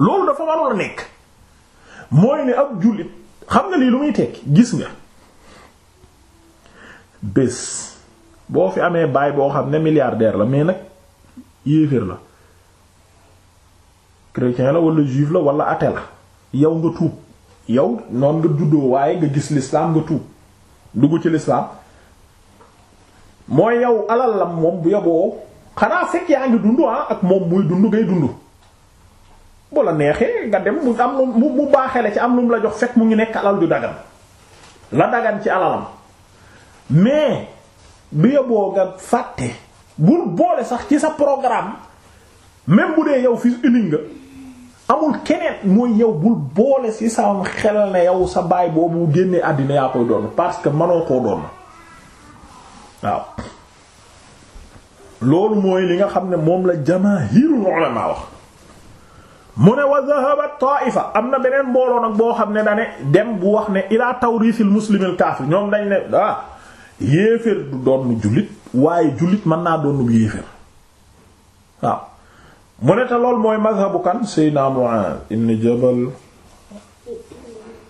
loolu dafa waroon a nekk mooy ne ab jullit xam nga lii lu muy tekki gis nga bés boo fi amee baay boo xam ne milliardaire la mais nag yéeféer la chrétien la wala juif la wala athée la yow nga tuub yow noon nga juddoo waaye nga gis l'islam nga tuub dugg ci l'islam mooy yow alal la moom bu yoboo xanaa fekk yaa ngi dund ah ak moom muy dund ngay dund bu la neexee nga dem mu am lu mu baaxee la am lu mu la jox fekk mu ngi nekk alal du dagan la dagan ci alalam mais bi yoboo nga fàtte bul boole sax ci sa programme même bu dee yow fils unique nga amul keneen mooy yow bul boole si sa xelal na yow sa baay boobu génnee àddina yaa koy doon parce que mënoo koo doon waaw loolu mooy li nga xam ne moom la jamaahirul ulama wax mu ne wa am na beneen mbooloo nag boo xam ne dane dem bu wax ne ilaa tawrisil muslimil kaafir ñoom dañ ne ah yéeféer du doon jullit waaye jullit mën naa doon yéeféer waaw mu ne te lool mooy mazhabu kan Seydina Mu'aaz ibn Jabal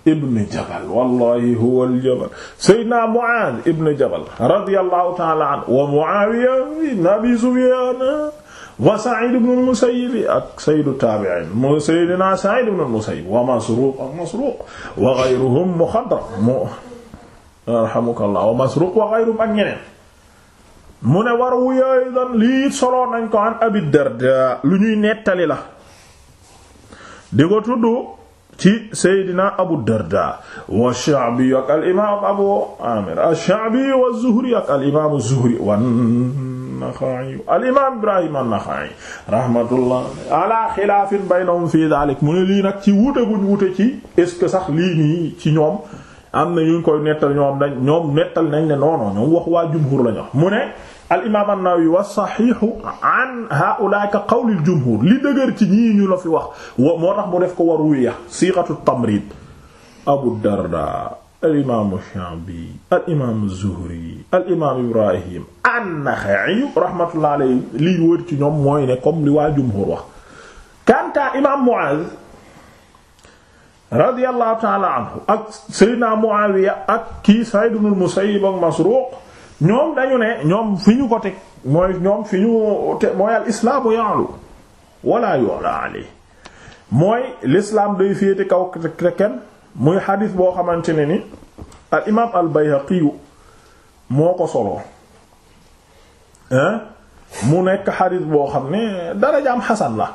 ibn Jabal wallahi huwa al-Jabal Seydina ibn Jabal radiyallahu ta'ala anhu wa Mu'aawiya ibn Abi wa Sa'id ibn al-Musayyib ak sayyidu taabi'iin mu sayyidina Sa'id ibn al-Musayyib wa Masruuq ak Masruuq wa ghayruhum muxadram mu yarhamukallah wa Masruuq wa ghayruhum ak ñeneen mu ne war wu yooyu doon lii it solo nañ ko an Abi Darda lu ñuy nettali la di ko tudd ci Seydina Abu Darda wa Sha'bi ak al imaam Abu Aamir ash-Sha'bi wa Zuhri ak al imaam Zuhri wan an-Naxa'i al-imaam Ibrahim an-Naxa'i rahmatullah ala xilaafin baynahum fi daalik mu ne lii nag ci wuute guñ wuute ci est-ce que sax lii nii ci ñoom am na ñu koy nettal ñoom dañ ñoom nettal nañ ne non non ñoom wax waa jumhur lañ wax mu ne al-imaam an-Nawawi wa saxiixu an haa'ulaa'i ka qawli al-jumhur li dëgër ci ñii ñu la fi wax moo tax mu def ko war wiya siixatu tamrid Abu Darda al imaamu Shaabi al imaamu Zuhri al imaamu Ibrahim an-Naxa'i rahmatullahi alayhi liy wër ci ñoom mooy ne comme li waa jumhur wax. Kanta imaam Mu'aaz radiyallahu ta'ala anhu ak Seydina Mu'aawiya ak kii Sa'iid ibn al-Musayyib ak Masruuq ñoom dañu ne ñoom fi ñu ko teg mooy ñoom fi ñu te mooy al islaamu ya'lu wala yu'la alayhi mooy l'islam day féete kaw te kenn. muy xadis boo xamante ne ni al imaam al bayhaqiyu moo ko soloo mu nekk xadis boo xam ne darajaam xasan la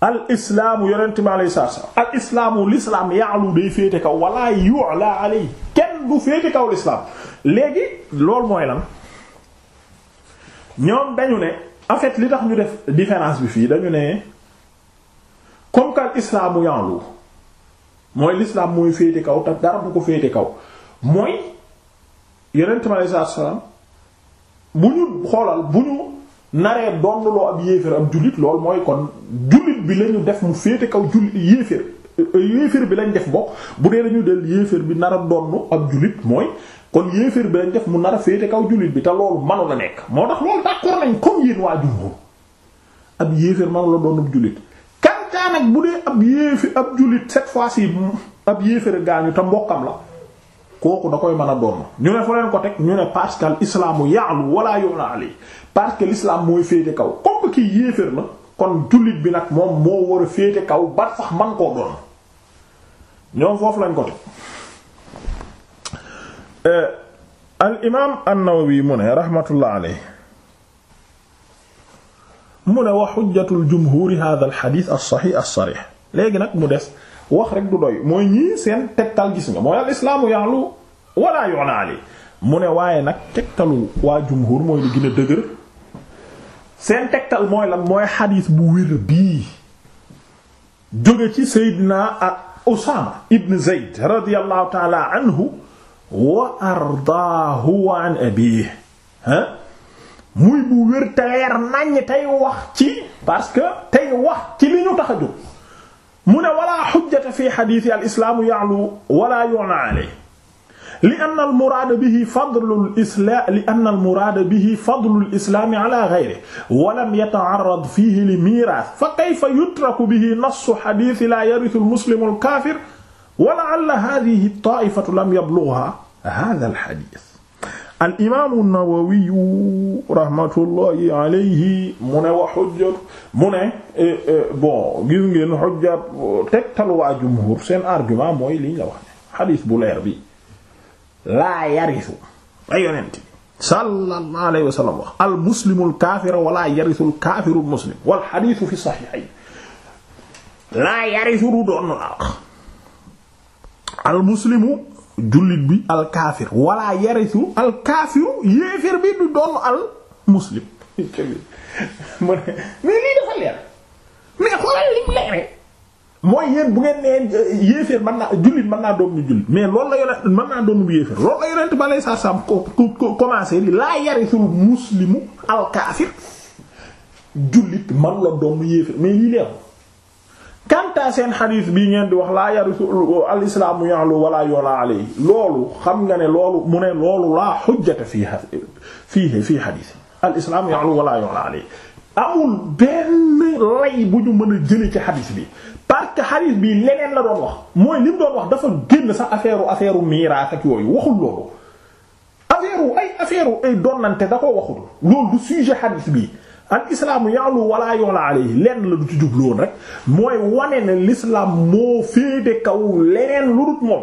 al islaamu yonent bi alayhi salaatu salaam al islaamu lislaam ya'lu day féete kaw wala yu'la alayhi kenn du féete kaw lislaam léegi loolu mooy lan ñoom dañu ne en fait li tax ñu def différence bi fii dañu ne comme que al islaamu ya'lu mooy lislaam mooy féete kaw te dara bu ko féete kaw mooy yonent mi aleyhi salaam bu ñu xoolal bu ñu naree donnloo ab yéeféer ab jullit lool mooy kon jullit bi lañu def mu féete kaw jullit yéeféer yéeféer bi lañ def bokk bu dee dañu del yéeféer bi nar a donn ab jullit mooy kon yéeféer bi lañ def mu nar a féete kaw julit bi te loolu manu la nekk moo tax loolu d'accord nañ comme yéen waa jumhur ab yéeféer manu la doon ab jullit kantaa nag bu dee ab yéefi ab jullit cette fois-ci ab yéeféra gaañu te mbokkam la kooku da koy mën a doon ñu ne fa leen ko teg ñu ne parce que al islaamu ya'lu wala yu'la alayhi parce que l'islam mooy féete kaw comme que kii yéefér kon jullit bi nag moom moo war a féete kaw ba sax man koo doon ñoom foofu lañ ko teg euh, al imaam mu ne rahmatullah alayhi mu ne wa xujjatul jumhuuri hadha al xadiis léegi nag mu des wax rek du doy mooy ñii seen tegtal gis mooy al islaamu ya'lu waaye nag tegtalu waa jumhuur mooy li gën dëgër seen tegtal mooy lan mooy xadiis bu wér bii jóge ci Seydina ak Usaama ibn Zayd radiyallahu ta'ala anhu wa ardaahu an abiihi muy bu wér te leer naññ tey wax ci parce que tey wax ci li ñu tax a jóg mu ne wala xujjata fi xadiisi al islaamu ya'lu wala yu'na alayhi li anna al muraada bihi fadlul islaam li anna al muraada bihi fadlul islaami ala ghayrihi wa lam yata'arrad fiihi li miiraas fa kayfa yutraku bihi nassu xadiisi laa yarisu al muslimu al kaafir wa la'alla haadihi at-taa'ifatu lam yablugha haadha al xadiis al imaamu nawawiyu rahmatullahi alayhi mu ne wa xujja mu ne eh, eh, bon gis ngeen xujja tegtal waa jumhur seen argument mooy liñ la wax ne xadiis bu leer bi laa yarisu ay yonent sallallahu alayhi wa sallam wax al muslimul kaafira wala yarisul kaafirul muslim wal xadiisu fi saxiixayn laa yarisu du doon la wax al muslimu jullit bi alkaafir wala yarisu alkaafiru yéefir bi du doon al muslim mais lii dafa leer mais bu ngeen nee euh, yéeféer mën naa jullit mën naa doon jullit mais loolu la yonent mën naa doon yéeféer loolu la yonent ba lay saa saam ko ko commencé di laa yarisul muslimu alkaafir jullit man la doon yéeféer mais lii leer kantaa seen xadiis bii ngeen di wax laa yarisu al islaamu ya'lu wala yola alayhi loolu xam nga ne loolu mu ne loolu laa xujjata fii fii fii xadiis al islaamu ya'lu wala yola alayhi amul benn lay bu ñu mën a jëlee ci xadiis bi parce que xadiis bi leneen la doon wax mooy li mu doon wax dafa génn sax affaire u affaire u miraas ak yooyu waxul loolu affaire ay affaire ay donnante da ko waxul loolu du sujet xadiis bi al islaamu ya'lu wala yu'la alayhi lenn la du ci jubloon rek mooy wane ne l'islam moo féete kaw leneen lu dut moom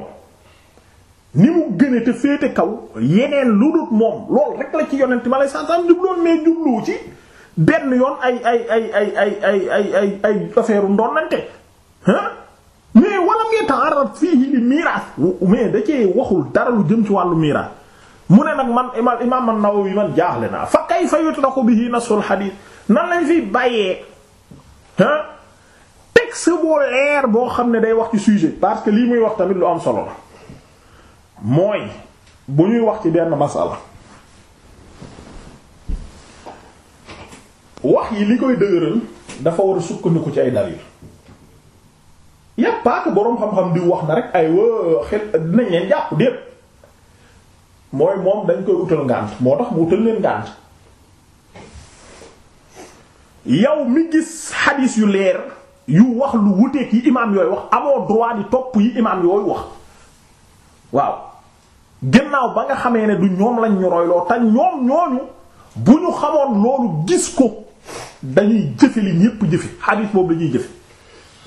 ni mu gëne te féete kaw yeneen lu dut moom loolu rek la ci yonent ma lay santam jubloon mais jubluwu ci benn yoon ay ay ay ay ay ay ay ay ay affaire ndonnante ah mais walam yata'arrad fiihi li miraas mais da cee waxul dara lu jëm ci wàllu miraas mu ne nag man imaam imaam an-Nawawi man jaaxle naa fa kayfa yutraku bihi nasul xadiis nan lañ fiy bàyyee ah texte boo leer boo xam ne day wax ci sujet parce que lii muy wax tamit lu am solo la mooy bu ñuy wax ci benn masala wax yi li koy dëgëral dafa war a sukkandiku ci ay dalil y'a pas boroom xam-xam di wax na rek ay wa xel dinañ leen jàpp dépp mooy moom dañ koy utal ngànt moo tax mu utal leen ngànt yow mi gis xadiis yu leer yu wax lu wuteeg yi imaam yooyu wax amoo droit di topp yi imaam yooyu wax waaw gannaaw ba nga xamee ne du ñoom lañ ñu royloo te ñoom ñooñu bu ñu xamoon loolu gis ko dañuy jëfe li ñépp jëfe xadiis boobu dañuy jëfe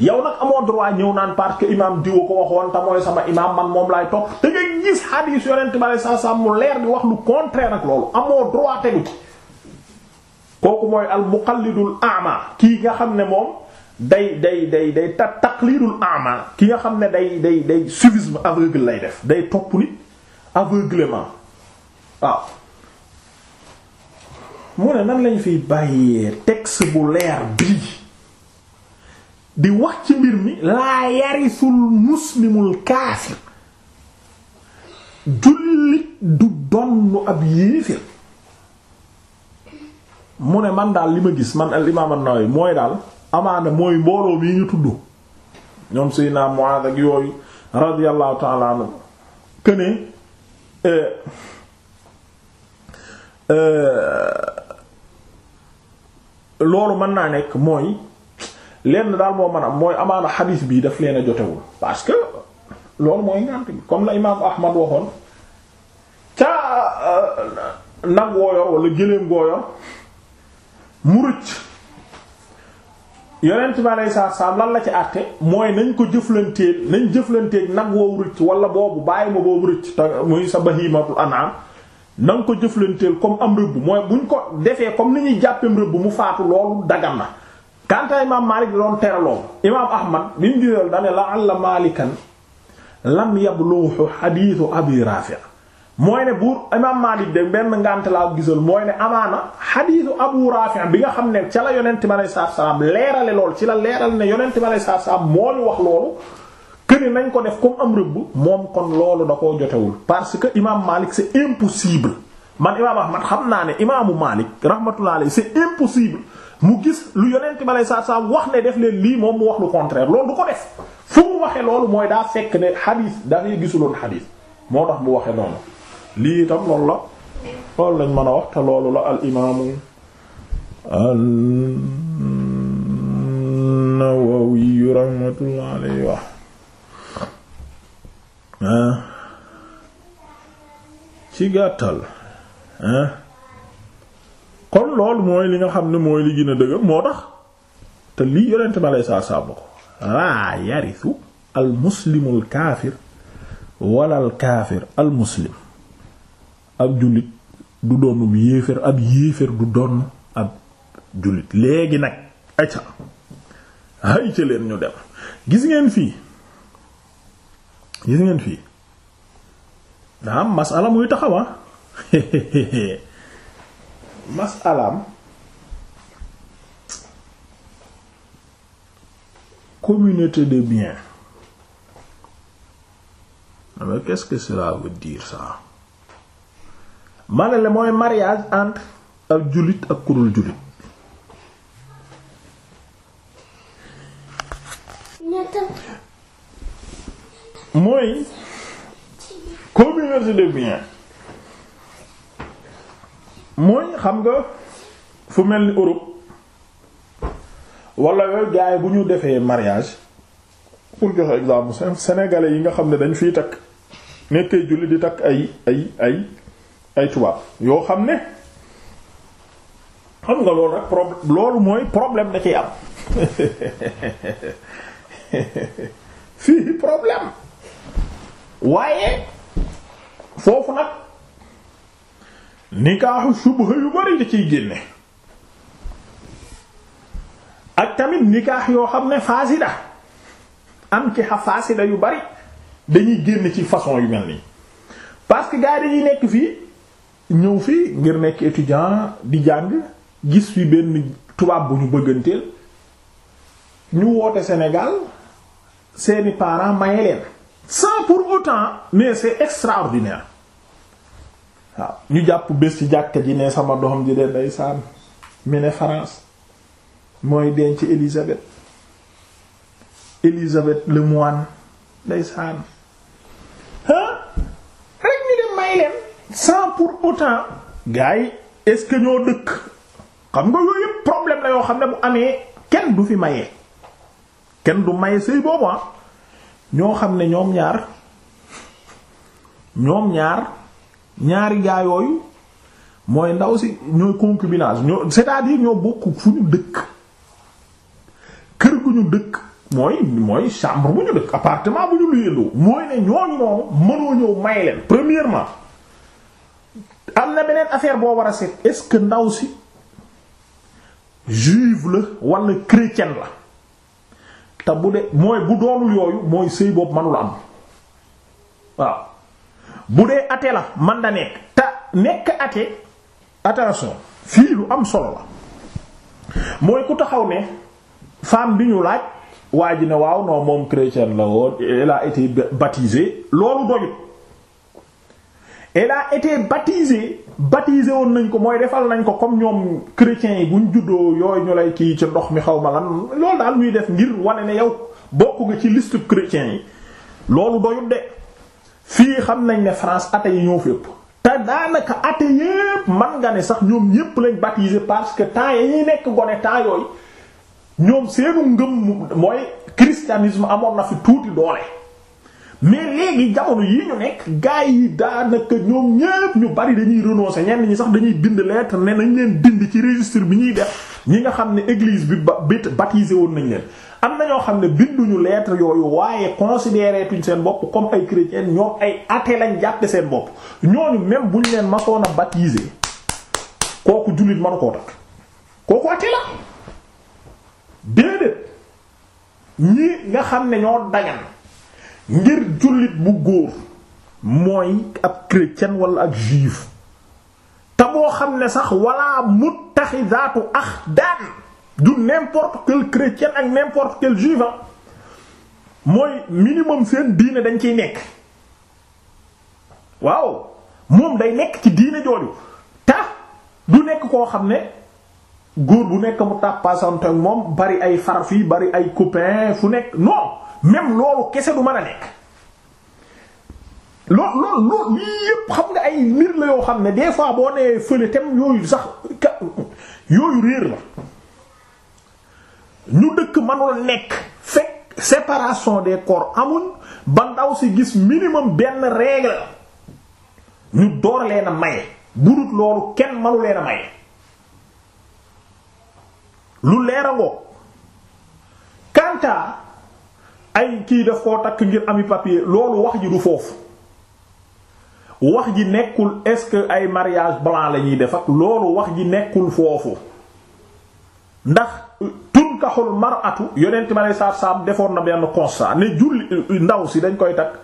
yow nag amoo droit ñëw naan parce que imam diwa ko waxoon te mooy sama imam man moom laay topp te nga gis hadis yonent bale sa sa mu leer di wax lu contraire ak loolu amoo droit tegu ci kooku mooy al muqallidul a'ma nga xam ne moom day day day day ta taqlidul a'ma ki nga xam ne day day day suivisme aveugle lay def day topp nit aveuglement waaw mu ne nan lañ fiy bàyyee texte bu leer bii di wax ci mbir mi laa yarisul muslimul kaafir jullit du donn ab yéefir mu ne man daal li ma gis man al imaam an-Nawawi mooy daal amaana mooy mbooloo mi ñu tudd ñoom Seydina Muaad ak yooyu radiyallahu ta'ala këne eh, eh, loolu mën naa nekk mooy lenn daal moo man a mooy amaana xadiis bii daf leen a jotewul parce que loolu mooy ngànt bi comme la imaamu ahmad waxoon ca euh, nag wooyor wala gëléem gooyor mu rëcc yonent bi aleyhi lan la ci àtte mooy nañ ko jëflanteel nañ jëflanteeg nag woowu rëcc wala boobu bàyyi ma boobu rëcc te muy sa bahiimatul an'am na nga ko jëflanteel comme am rëbb mooy buñ ko defee comme ni ñuy jàppeem rëbb mu faatu loolu dagan na kanta imaam Maalik da doon teraloon imaam Ahmad bi mu diral dane la alla Maalikan lam yabluhu xadiisu Abi Raafi' mooy ne buur imaam Maalik de benn ngànt laa gisal mooy ne amaana xadiisu Abu Raafi' bi nga xam ne ca la yonent bi alayhi salaatu salaam leerale lool ci la leeral ne yonent bi alayhi salaatu salaam moo ñu wax loolu këni nañ ko def comme am rëbb moom kon loolu da koo jotewul parce que imaam Maalik c'est impossible man imaam Ahmad xam naa ne imaamu Maalik mu gis lu yonent bi aleyhi saa salaam wax ne def leen lii moom mu wax lu contraire loolu du ko def fu mu waxee loolu mooy daa fekk ne xadiis dafay gisuloon xadiis moo tax mu waxe noonu lii itam loolu la loolu lañ mën a wax te loolu la al imaamu an-Nawawi rahmatullah alayhi wax ah. ci gàttal ah kon loolu mooy li nga xam ne mooy li gën a dëgër moo tax te lii yonent ma lay saa sàmm ko laa yarisu al muslimul kaafir wala al kaafir al muslim ab jullit du doon yéeféer ab yéeféer du doon ab jullit léegi nag acca hay ca leen ñu dem gis ngeen fii gis ngeen fii daa am masala muy taxawa ah. masalaam communauté de biens mais que cela veut dire ça mooy mariage entre ak jullit ak kurul jullit mooy communauté de biens mooy xam nga fu mel ni Europe wala yooyu gars bu ñu defee mariage pour joxe exemple sénégalais yi nga xam ne dañ fiy takk nekkee julli di takk ay ay ay ay tubaab yoo xam ne xam nga loolu rek problème loolu mooy problème da ciy am fii problème waaye foofu nag. nikaaxu subha yu bari da ciy génne ak tamit nikaax yoo xam ne faasida am ki xa faasida yu bari dañuy génn ci façon yu mel nii parce que gars yi nekk fii ñëw fii ngir nekk étudiant di jàng gis fi benn tubaab bu ñu bëgganteel ñu woote Sénégal seeni parent maye leen sans pour autant mais c'est extraordinaire waaw ñu jàpp bés ci jàkka ji ne sama doom di de ndeysaan mi ne France mooy denc Élisabeth Élisabeth le moine ndeysaan rek ñu dem may leen sans pour autant gars yi est-ce que ñoo dëkk xam nga yooyu yëpp problème la yoo xam ne bu amee kenn du fi maye kenn du maye sëy boobu ah. ñoo xam ne ñoom ñaar ñoom ñaar ñaari gaa yooyu mooy ndaw si ñooy concubinage ñoo c'est-à-dire ñoo bokk fu ñu dëkk kër gu ñu dëkk mooy mooy chambre bu ñu dëkk appartement bu ñu luyendoo mooy ne ñooñu moom mënoo ñëw may leen premièrement am na beneen affaire boo war a seet est-ce que ndaw si juive la wala chrétienne la te bu de mooy bu doonul yooyu mooy sëy boobu mënul am waaw bu dee ate la man da nekk te nekk ate attention fii lu am solo la mooy ku taxaw ne femme bi ñu laaj waa ji ne waaw noo moom chrétienne la woon elle a été baptisée loolu doyut elle été baptisée baptisé woon nañ ko mooy defal nañ ko comme ñoom chrétiens yi buñ juddoo yooyu ñu lay kii ci ndox mi xaw ma lan loolu daal ñuy def ngir wane ne yow bokk nga ci liste chrétiens yi loolu doyut de fii xam nañ ne France athée yi ñoo fi ëpp te daanaka athée yépp man nga ne sax ñoom ñépp lañ baptisé parce que temps yi ñuy nekk gone temps yooyu ñoom seenu ngëm mooy christianisme amoon na fi tuuti doole mais léegi jamono yi ñu nekk gars yi daanaka ñoom ñépp ñu bari dañuy renoncer ñenn ñi sax dañuy bind lettre ne nañ leen bind ci registre bi ñuy def ñi nga xam ne église bi ba baptisé woon nañ leen am na ñoo xam ne binduñu lettre yooyu waaye considéré tuñ seen bopp comme ay chrétien ñoom ay athée lañ jàppe seen bopp ñooñu même buñ leen masoon a baptisé kooku jullit manu koo takk kooku athée la déedéet ñii nga xam ne ñoo dagan ngir jullit bu góor mooy ab chrétien wala ak juif te boo xam ne sax mu taxi wala muttaxidaatu axdaan du n'importe quel chrétien ak n'importe quel juif ah, mooy minimum seen diine dañ ciy nekk waaw moom day nekk ci diine jooju tax du nekk koo xam ne góor bu nekk mu tàppasante ak moom bari ay far fii bari ay copain fu nekk non même loolu kese du mën a nekk lool lool lool xam nga ay mbir la yoo xam ne des fois boo nee fële tem yooyu sax yooyu réer la ñu dëkk manul nekk fekk séparation des corps amuñ ba ndaw si gis minimum benn règle ñu door leen a maye budut loolu kenn manu maye lu leer a ngoog kanta ay kii daf koo takk ngir ami papier loolu wax ji du foofu wax ji nekkul est-ce ay mariage blanc la ñuy def ak loolu wax ji nekkul foofu ndax tunkahul mar'atu yonent ma lay saab defoon na benn constat ndaw si dañ koy takk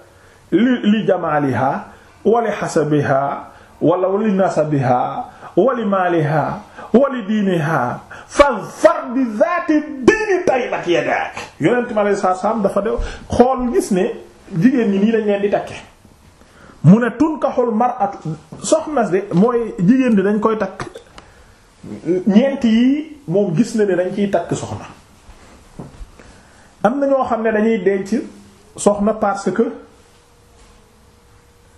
li li jamaaliha wali hasabiha wala wali nasabiha wali maaliha bi zaati diini taribat dafa de xool gis ne jigéen ñi nii lañ leen di takke mu ne tunkahul mar'atu soxna si mooy jigéen di dañ koy takk ñeent yi moom gis na ne dañ ciy takk soxna am na ñoo xam ne dañuy denc soxna parce que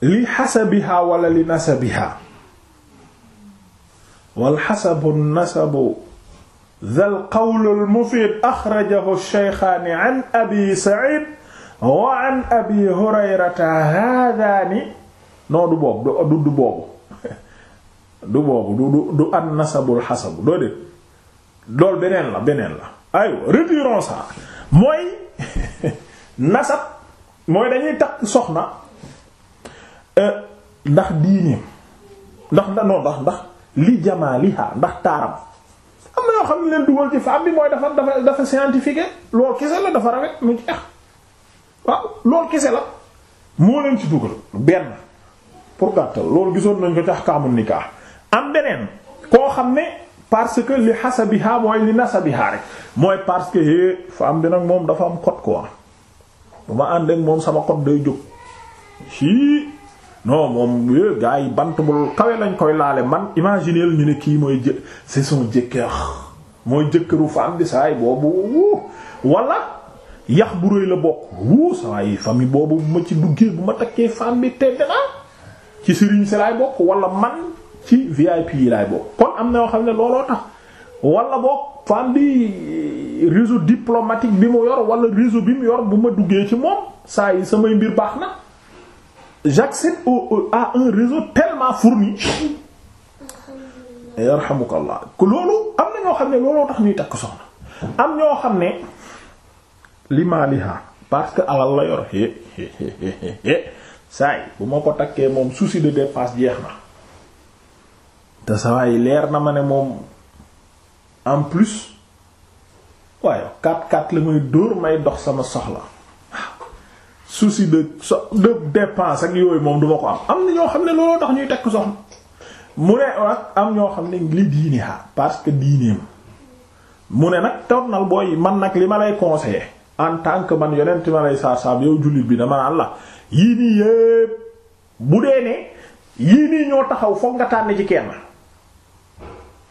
li xasabiha wala li nasabiha wal xasabu nasabu dhal qawl al mufid axrajahu shaykhaani an abi sa'id wa abi hurayrata haadaani noo du boobu du du boobu du boobu du du du an nasabul xasabu doo dégg loolu beneen la beneen la aywa retirons ça mooy nasab mooy dañuy takk soxna euh, ndax diineem ndax non ndax ndax li jamaaliha ndax taaram am na yoo xam ne leen dugal ci femme bi mooy dafa dafa dafa scientifique loolu kese la dafa rafet mu jeex waaw loolu kese la moo leen ci dugal benn pour gàttal loolu gisoon nañ ko tax kaamu nikah am beneen koo xam ne parce que li bi hasabiha mooy li nasabiha rek mooy parce que é eh, femme bi nag moom dafa am code quoi bu ma ànd moom sama xot day jóg si non moom eh, gars yi bant bu lañ koy laale man imagineel ñu kii mooy jë c'est son mooy jëkkëru femme bi saay boobu wala yax bu rëy la bokk wuu saay famille boobu bu ma ci duggee bu ma takkee femme bi te danaa ci sëriñ si laay bokk wala man ci VIP yi laay bokk kon am na yoo xam ne looloo tax wala boog fam bi réseau yor wala réseau bi mu yor bu ma duggee ci moom saa yi samay mbir na j'accède au tellement fourni yarhamukallah loolu am na ñoo xam ne looloo tax ñuy takk soxna am ñoo xam ne limaaliha parce que alal la yor é saay bu ma ko takkee moom souci de dépense jeex na te sawaay leer na ma ne moom en plus waaye 4-4 la muy dóor may dox sama soxla souci de so de dépense ak yooyu moom duma ko am am na ñoo xam ne looloo tax ñuy tekk soxla mu ne am ñoo xam ne li diini ha parce que diineem mu ne nag tornal booy man nag li ma lay conseiller en tant que man yonent ma lay saar saab yow jullit bi dama naan la yii nii yépp bu dee ne yii nii ñoo taxaw foog nga tànn ci kenn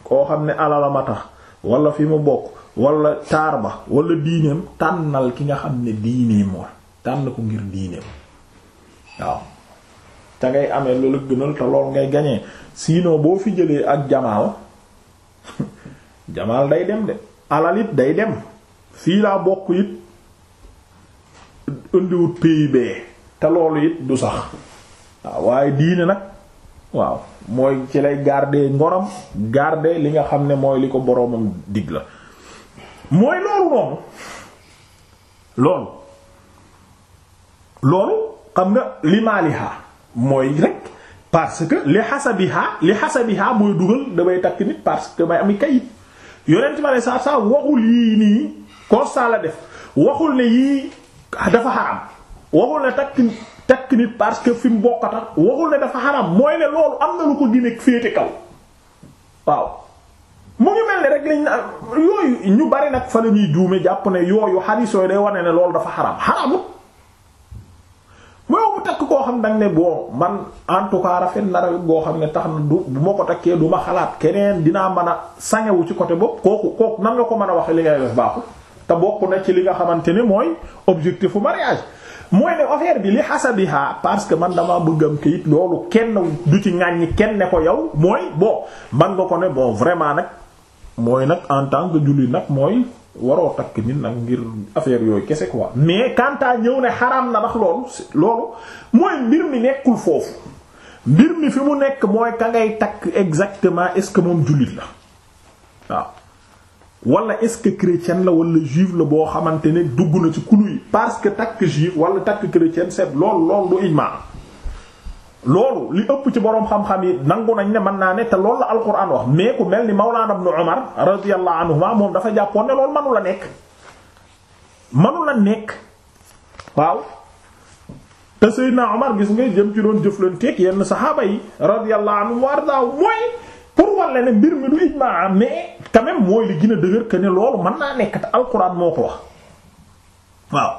koo xam ne alalama tax wala fi mu bokk wala taar ba wala diineem tànnal ki nga xam ne diineem wa tànn ko ngir diineem waaw te ngay amee loolu gënal te lool ngay gañee sinon boo fi jëlee ak jamaal jamaal day dem de alal it day dem fii laa bokk it indiwut PIB te loolu it du sax waaw waaye diine nag waaw mooy ci lay garder ngorom garder li nga xam ne mooy li ko boroomam dig la mooy loolu noonu loolu loolu xam nga li maaliha mooy rek parce que li xasabiha li xasabiha mooy dugal damay takk nit parce que may am kayit yonent ma ne saa saa waxul yii nii constat la def waxul ne yii dafa xaram waxul ne takk takk nit parce que fi mu bokk a waxul ne dafa xaram mooy ne loolu am na lu ko gën a féete kaw waaw mu ngi mel ne rek lañ ñu bari nag fa la ñuy duume jàpp ne yooyu xaris yooyu day wane ne loolu dafa xaram xaramut mooy mu takk koo xam dang ne boo man en tout cas rafet na rafet boo xam ne tax na du bu ma ko takkee du ma xalaat keneen dinaa mën a sañawu ci côté bopp kooku kooku nan nga ko mën a waxee li ngay def baaxul te bokk na ci li nga xamante ne mooy objectifu mariage mooy ne affaire bi li xasabiha parce que man damaa bëgg am kayit loolu kenn du ci ŋàññi kenn ne ko yow mooy bon man nga ko ne boo vraiment nag mooy nag en tant que julli nag mooy waroo takk nit nag ngir affaire yooyu kese quoi mais quant ñëw ne xaraam na ndax loolu loolu mooy mbir mi nekkul foofu mbir mi fi mu nekk mooy ka ngay takk exactement est-ce que moom jullit la waaw wala est-ce que chrétien la wala juif la boo xamante ne dugg na ci kulu yi parce que takk juif wala takk chrétien c'est loolu loolu du ijmaa loolu li ëpp ci boroom xam-xam yi nangu nañ ne mën naa ne te lool la alquran wax mais ku mel ni Mawlana Ibn Umar radiyallahu anhuma moom dafa jàppoon ne loolu manu la nekk manu nekk waaw te Seydina Umar gis nga jëm ci doon jëflanteeg yenn saxaaba yi radiyallahu anhum war daaw mooy pour walla ne mbir mi du ijmaa quand même mooy li gën a dëgër que ne loolu mën naa nekk te alxuraan moo ko wax waaw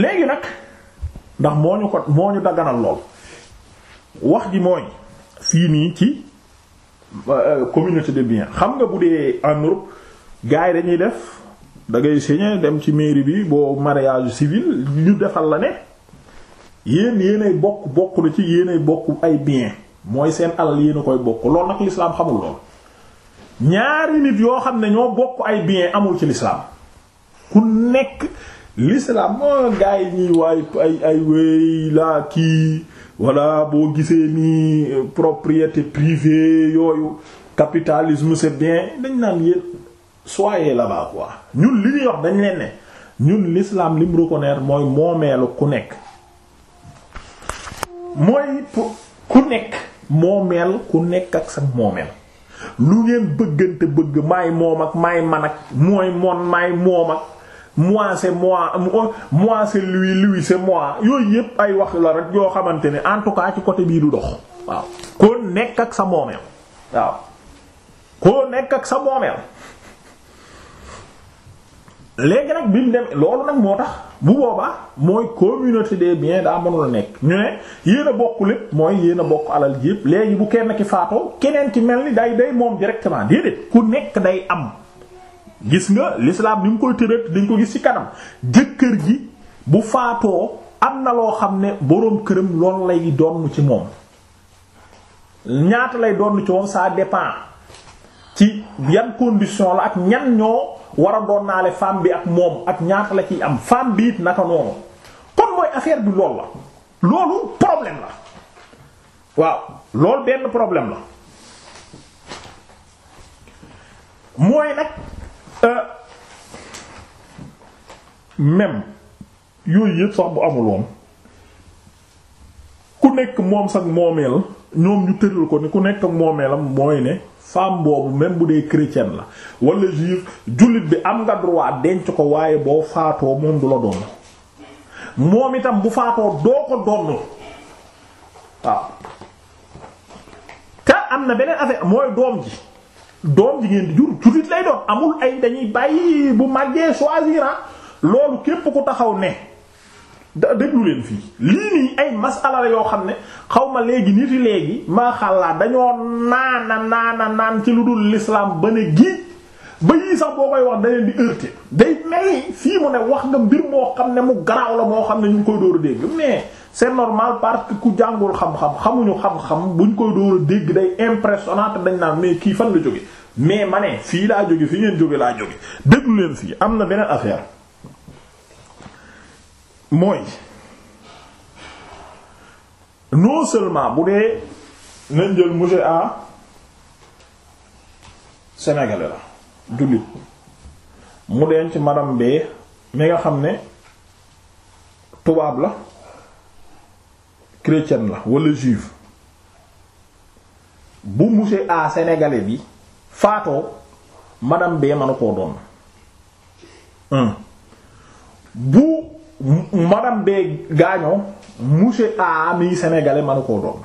léegi nag ndax moo ñu ko moo ñu daganal lool wax ji mooy fii nii ci euh, communauté de biens xam nga bu dee en Europe gars yi dañuy def dangay ngay dem ci mairie bi boo mariage civil ñu defal la ne yéen yéenay bokk bokk na ci yéenay bokk ay bien mooy seen alal yéen a koy bokk loolu nag l'islam xamul lool. ñaari nit yoo xam ne ñoo bokk ay bien amul ci l'islam ku nekk l'islam moo gaa waay ay ay wéy laa kii walla boo gisee nii propriété privée yooyu capitalisme c'est bien dañ naan yéen soyez là-bas quoi ñun li ñuy wax dañ leen ne ñun l'islam lim reconnaître mooy moomeelu ku nekk mooy ku nekk moomeel ku nekk ak sa moomeel lu ngeen bëggante bëgg maay moom ak maay man ak mooy mon maay moom ak moi c'est moi moi c'est lui lui yooyu yépp ay wax la rek yoo xamante ne en tout cas ci côté bii du dox waaw. koo nekk ak sa moomeel waaw koo nekk ak sa moomeel. léegi nag bi mu dem loolu nag moo tax bu boobaa mooy communauté des bien daa mënul a nekk ñu ne yéen bokk lépp mooy yéen a bokk alal ji yépp léegi bu kenn ki faatoo keneen ki mel ni day day moom directement déedéet ku nekk day am. gis nga lislaam ni mu koy tëral dañ ko gis ci kanam jëkkër ji bu faatoo am na loo xam ne boroom këram loolu lay doon ci moom ñaata lay doon ci moom saa dépend ci yan condition la ak ñan ñoo. war a doon naale femme bi ak moom ak ñaata la ciy am femme bi it naka noonu kon mooy affaire bi loolu la loolu problème la waaw loolu benn problème mooy nag euh, même yooyu yëpp sax bu amul ku nekk moom sax moomeel ñoom ñu tëral ko ni ku nekk ak moomeelam mooy ne femme boobu même bu dee chrétienne la wala juif jullit bi am nga droit denc ko waaye boo faatoo moom du la doon moom itam bu faatoo doo ko doon waaw te am na beneen affaire mooy doom ji doom ji ngeen di jur jullit lay doon amul ay dañuy bàyyi bu màggee choisir ah. loolu képp ku taxaw ne. da déglu fii lii nii ay masala la yoo xam ne xaw ma léegi niti léegi maa xàllaa dañoo naana naana naan ci lu dul lislaam ba ne gi ba yii sax boo koy wax da leen di heurter day mel fii mu ne wax nga mbir moo xam ne mu garaaw la moo xam ne ñu ngi koy dóoru dégg mais seen normal parce ku jàngul xam-xam xamuñu xam-xam buñ koy dóoru dégg day impressionnant dañ naan mais kii fan la jóge mais ma ne fii laa jóge fii ngeen jóge laa jóge déglu leen fii am na beneen affaire mooy non seulement bu dee nañ jël monsieur A sénégalais la jullit mu denc madame B mi nga xam ne tubaab la chrétienne la walla juive bu monsieur A sénégalais bi faatoo madame B manu koo doon bu madame bee gaañoo monsieur A mi sénégalais manu koo doom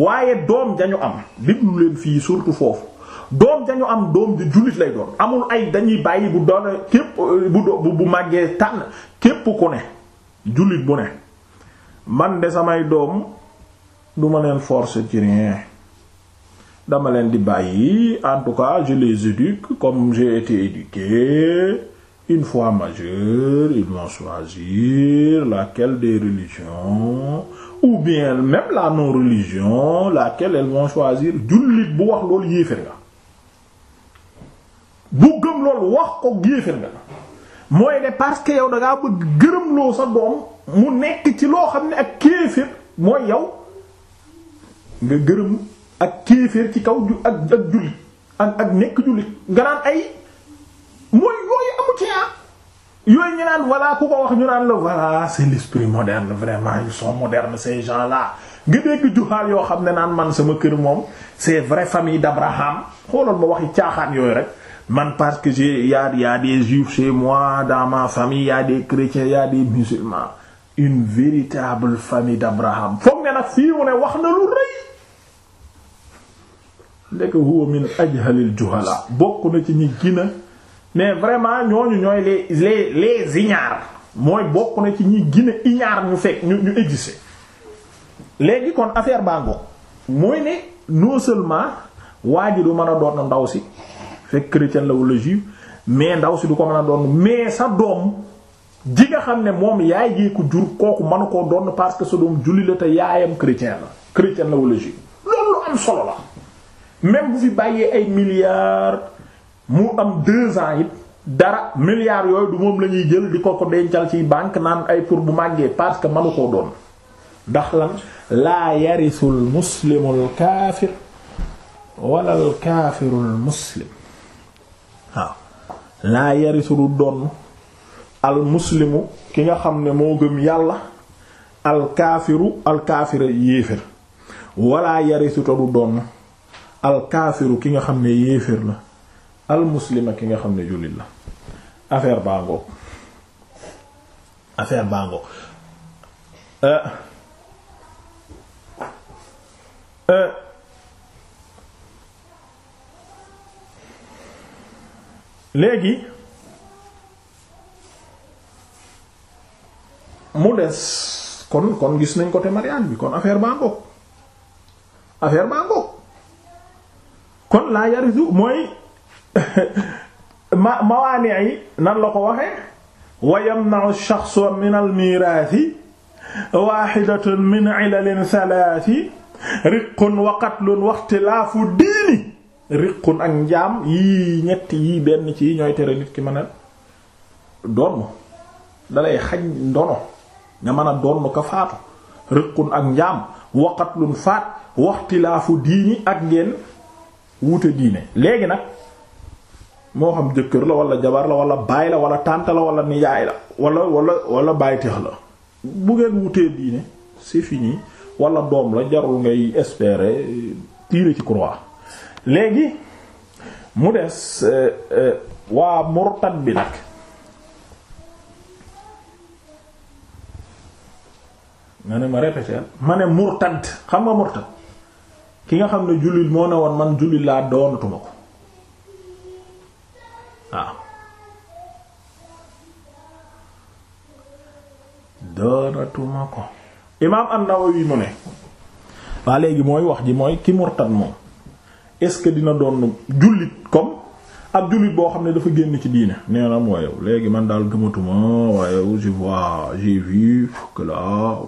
waaye doom dañu am déglu leen fii surtout foofu doom dañu am doom di jullit lay doon amul ay dañuy bàyyi bu doon képp bu bu màggee tànn képp ku ne jullit bu ne man de samay doom duma leen force ci dama leen di bàyyi en tout cas je les éduque comme j'ai été une fois majeur ils vont choisir laquelle des religions ou bien même la non religion laquelle elles vont choisir jullit bu wax loolu yéefér nga bu gëm loolu wax ko yéefér nga mooy ne parce que yow da ngaa bëgg gërëmloo sa doom mu nekk ci loo xam ne ak kéefér mooy yow nga gërëm ak kéefér ci kaw ak ak jullit ak ak nekk jullit nga naan ay mooy yooyu amu ah. yooyu ñu naan voilà ku ko wax ñu naan la voilà c'est l'esprit moderne vraiment ils sont modernes ces gens-là nga dégg juxaal yoo xam ne naan man sama kër moom c'est vrai famille d'Abraham xoolal ma waxi caaxaan yooyu rek man parce que j'ai y a y a des juifs chez moi dans famille y a des chrétiens y a une véritable famille d'Abraham foog ne nag fii mu ne wax na lu rëy ndeke huwa min ajhalil juhala bokk na ci ñi gina mais vraiment ñooñu ñooy les les les ignares mooy bokk na ci ñi gën a ñu fekk ñu ñu existé léegi kon affaire baa ngoog mooy ne non seulement waa ji du mën a doon ndaw si fekk chrétien la wala juif mais ndaw si du ko mën a doon mais sa doom ji nga xam ne moom yaay jee ko jur kooku manu koo doon parce que sa doom julli la te yaayam chrétien la chrétien la wala juif loolu am solo la même bu fi bàyyee ay milliards. mu am deux ans it dara milliards yooyu du moom lañuy ñuy jël di ko ko dencal ci banque naan ay pour bu màggee parce que manu koo doon ndax lan laa yarisul muslimul kaafir wala al kaafirul muslim waaw al muslimu ki nga xam ne moo gëm yàlla al kaafiru al kaafira yéefér wala yarisuta du doon al kaafiru ki nga xam ne yéefér la al muslima ki nga xam ne jullit la affaire bango affaire bango euh, euh, léegi mu des kon kon gis nañ côté mariage bi kon affaire bango affaire bango kon laa yarisu mooy ma mawaani yi nan la ko waxee wa yamna'u ash-shakhsu min al-miraathi waahidatun min ilalin thalaathi riqun wa qatlun wa diini riqun ak njaam yii ñetti yii benn ci ñooy tere nit ki mën a donn dalay xañ ndono nga mën a donn ko faatu riqun ak njaam wa diini ak ngeen wute diine léegi nag moo xam jëkkër la wala jabar la wala baay la wala tànt la wala nijaay la wala wala wala bàyteex la bu ngeen wutee diine c'est fini wala doom la jarul ngay espérer tirer ci croix léegi mu des euh, euh, waa murtad bi nag nga ne ma répété ma ne murtad xam nga murtad ki nga xam ne jullit moo ne woon man jullit laa doonatuma ko waaw doonatuma ko imaam an-Nawawi mu ne waa léegi mooy wax ji mooy ki murtad moom est-ce que dina doon jullit comme ab jullit boo xam ne dafa génn ci diine nee na mooy léegi man daal gëmatuma waaye je vois j'ai vu que là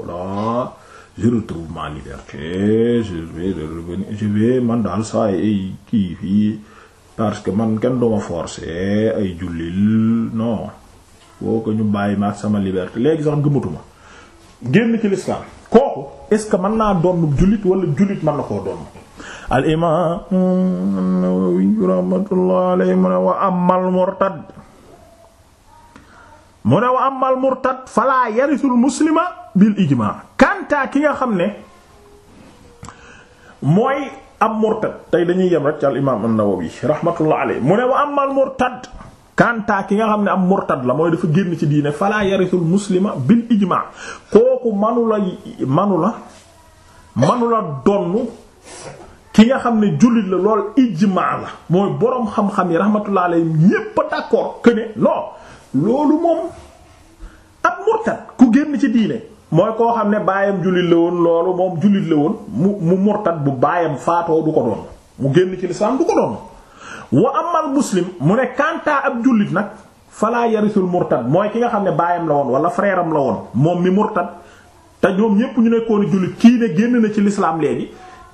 je retrouve ma liberté je vais man daal saa yi kii fii parce que man kenn duma forcer ay jullil non boo ko ñu bàyyi ma ak sama liberté léegi sax gëmatuma génn ci l'islam kooku est-ce que mën naa doon jullit wala jullit mën na koo doon al imam mu ne wa amal murtad mu ne wa amal murtad fala yarisul muslima bil ijma kanta ki nga xam ne mooy am murtad tey dañuy yem rek ci al imaam an-Nawawi rahmatullah alayhi mu ne wa amal murtad kanta ki nga xam ne am murtad la mooy dafa génn ci diine falaa yarisul muslima bil ijmaa kooku manu la manu la manu la donn ki nga xam ne jullit la lool ijmaa la mooy boroom xam-xam yi rahmatullah alayhim ñépp d'accord que ne non loolu moom ab murtad ku génn ci diine mooy koo xam ne baayam jullit la woon loolu moom jullit la woon mu mu murtad bu baayam faatoo du ko doon mu génn ci lislaam du ko doon wa amal muslim mu ne kantaa ab jullit nag falaa yarisul murtad mooy ki nga xam ne baayam la woon wala frère am moom mi murtad te ñoom ñépp ñu nekkoon jullit kii ne génn na ci lislaam léegi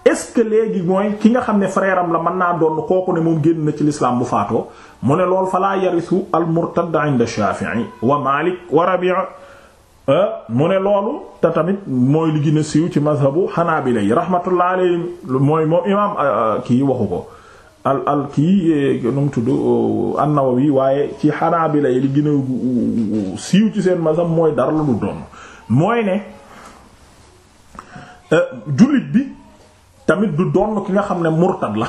est-ce que léegi mooy ki nga xam ne frère la mën naa doon kooku ne moom génn na ci lislaam bu faatoo mu ne loolu falaa yarisu al murtad inda Shafi'i wa Malik wa Rabi'a Euh, mu ne loolu te tamit mooy li gën a siiw ci mazhabu xanaabila yi rahmatullah alayhim mooy moom imaam euh, euh, kii waxu ko al al kii nu mu tudd an-Nawawi waaye ci xanaabila yi li gën a siiw ci seen mazhab mooy dara la du doon mooy ne jullit bi tamit du doon ki nga xam ne murtad la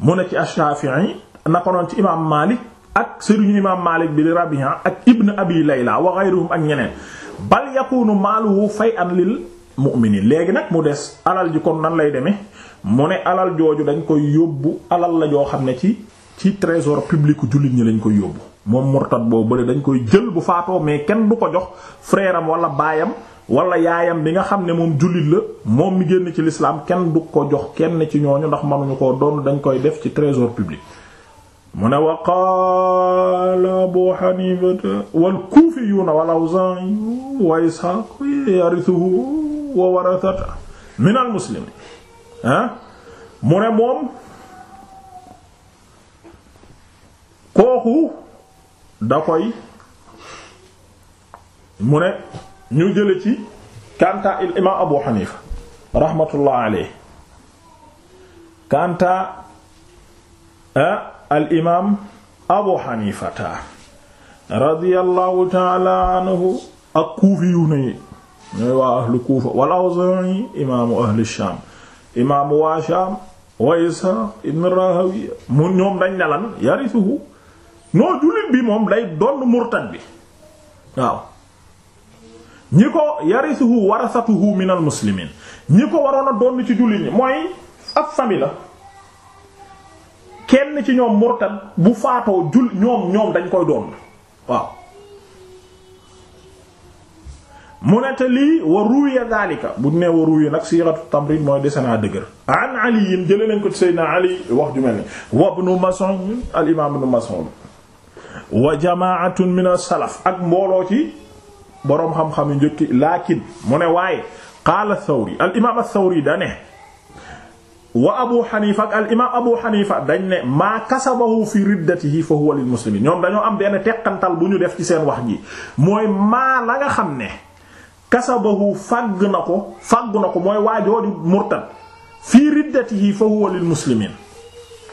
mu ne ci ash-Shafi'i naka noonu ci imaam Maalik ak sëriñu imaam Maalik bi di Rabi'a ak Ibn Abi Layla wa ghayruhum ak ñeneen bal yakunu maaluhu fay'an lil mu'minin léegi nag mu des alal ji kon nan lay demee mu ne alal jooju dañ koy yóbbu alal la joo xam ne ci ci trésor public jullit ñi lañ koy yóbbu moom murtad boo bële dañ koy jël bu faatoo mais kenn du ko jox freeram am wala baayam wala yaayam bi nga xam ne moom jullit la moom mi génn ci lislaam kenn du ko jox kenn ci ñooñu ndax mënuñu ko doon dañ koy def ci trésor public mu ne wa qaala abu xanifata wal kuufiyuuna wal awzaa'i wa isxaaq yarisuhu wa warasata min al muslimiin ah mu ne moom kooku da koy mu ne ñu jële ci kanta il imaam abu xanifa raxmatullah alayhi kanta ah al abu xanifata radiyallahu taala ak kuufi yu waa ahlu kuufa wal awzaa'i imaamu shaam imaamu waa shaam wa ibn rahawiya ñoom dañ ne yarisuhu noo jullit bi moom day donn murtad bi ñi ko yarisuhu warasatuhu minal muslimiin ñi ko waroon a donn ci jullit mooy ab kenn ci ñoom murtad bu faatoo jul ñoom ñoom dañ koy doon waaw mu ne te lii wa ruya daalika bu ne wa ruya nag siiratu tamrid mooy desenaa dëgër an ali yin jële nañ ko ali wax ju mel ni wa ibnu mas'ud al imaam ibnu mas'ud wa jamaatun min as-salaf ak mbooloo ci boroom xam-xam yu njëkki laakin mu ne waaye qaala ath-thawri al imaam da ne wa abu xanifa ak al imaam abu xanifa dañ ne maa kasabahu fi riddatihi fa huwa lil muslimin ñoom dañoo am benn teqantal bu ñu def ci seen wax ji mooy maa la xam ne kasabahu fagg na ko fàgg na ko mooy waajooju murtad fii riddatihi fa huwa lil muslimin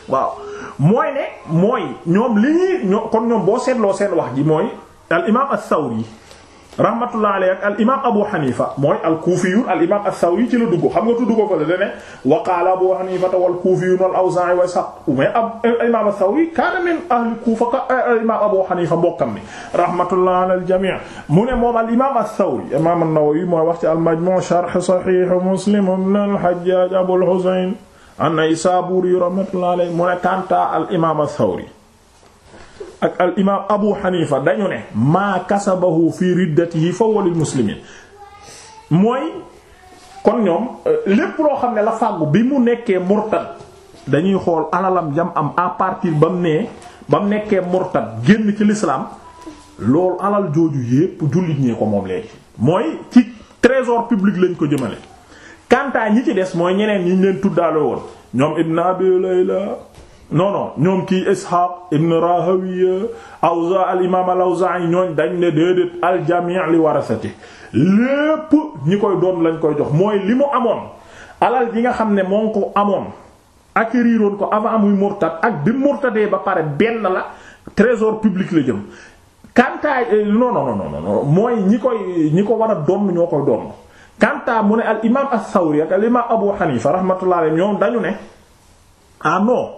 waaw mooy ne mooy ñoom li ñuy kon ñoom boo seetloo seen wax ji mooy al imaam as rahmatullah alayhi ak al imaam Abu Hanifa mooy al kuufiyuun al imaam as-Sawri ci la dugg xam nga tudd ko fa la dene wa qaala Abu Hanifa wal kuufiyuun wal Awzaa'i wa Ishaq mais ab eh, imaam as-Sawri kaana min ahli Kuufa ka al eh, eh, imaam Abu Hanifa mbokkam ni rahmatullah ala al jamii mu ne moom al imaam as-Sawri imaam an-Nawawi mooy wax ci al-Majmuu' sharh Sahih Muslim ibn al-Hajjaaj Abul Husayn an-Naysaabuuri rahmatullah alayhi mu ne kanta al imaam as-Sawri ak al imaam Abu Hanifa dañu ne maa kasabahu fi riddatihi fa walil muslimin mooy kon ñoom euh, lépp loo xam ne la fàggu bi mu nekkee murtad dañuy xool alalam jam am à partir ba mu nee ba mu nekkee murtad génn ci l'islam lool alal jooju yépp jullit ñee ko moom léegi mooy ci trésor public lañ ko jëmale kantaa ñi ci des mooy ñeneen ñi leen tuddaale woon ñoom Ibn Abi Layla non non ñoom kii Isxaaq ibn Rahawiya Awza al al Awzaa'i ñooñ dañ ne déedéet al jamii' li warasati lépp ñi koy doom lañ koy jox mooy li mu amoon alal ji nga xam ne moo ko amoon acquériroon ko avant muy murtad ak bi murtadee ba pare benn la trésor public la jëm kantaay eh, non non mooy ñi koy ñi ko war a doon ñoo koy doon kantaa mu ne al imaam as-Sawri ak al Abu Hanifa rahmatullahi alayhi ñoom dañu ne ah non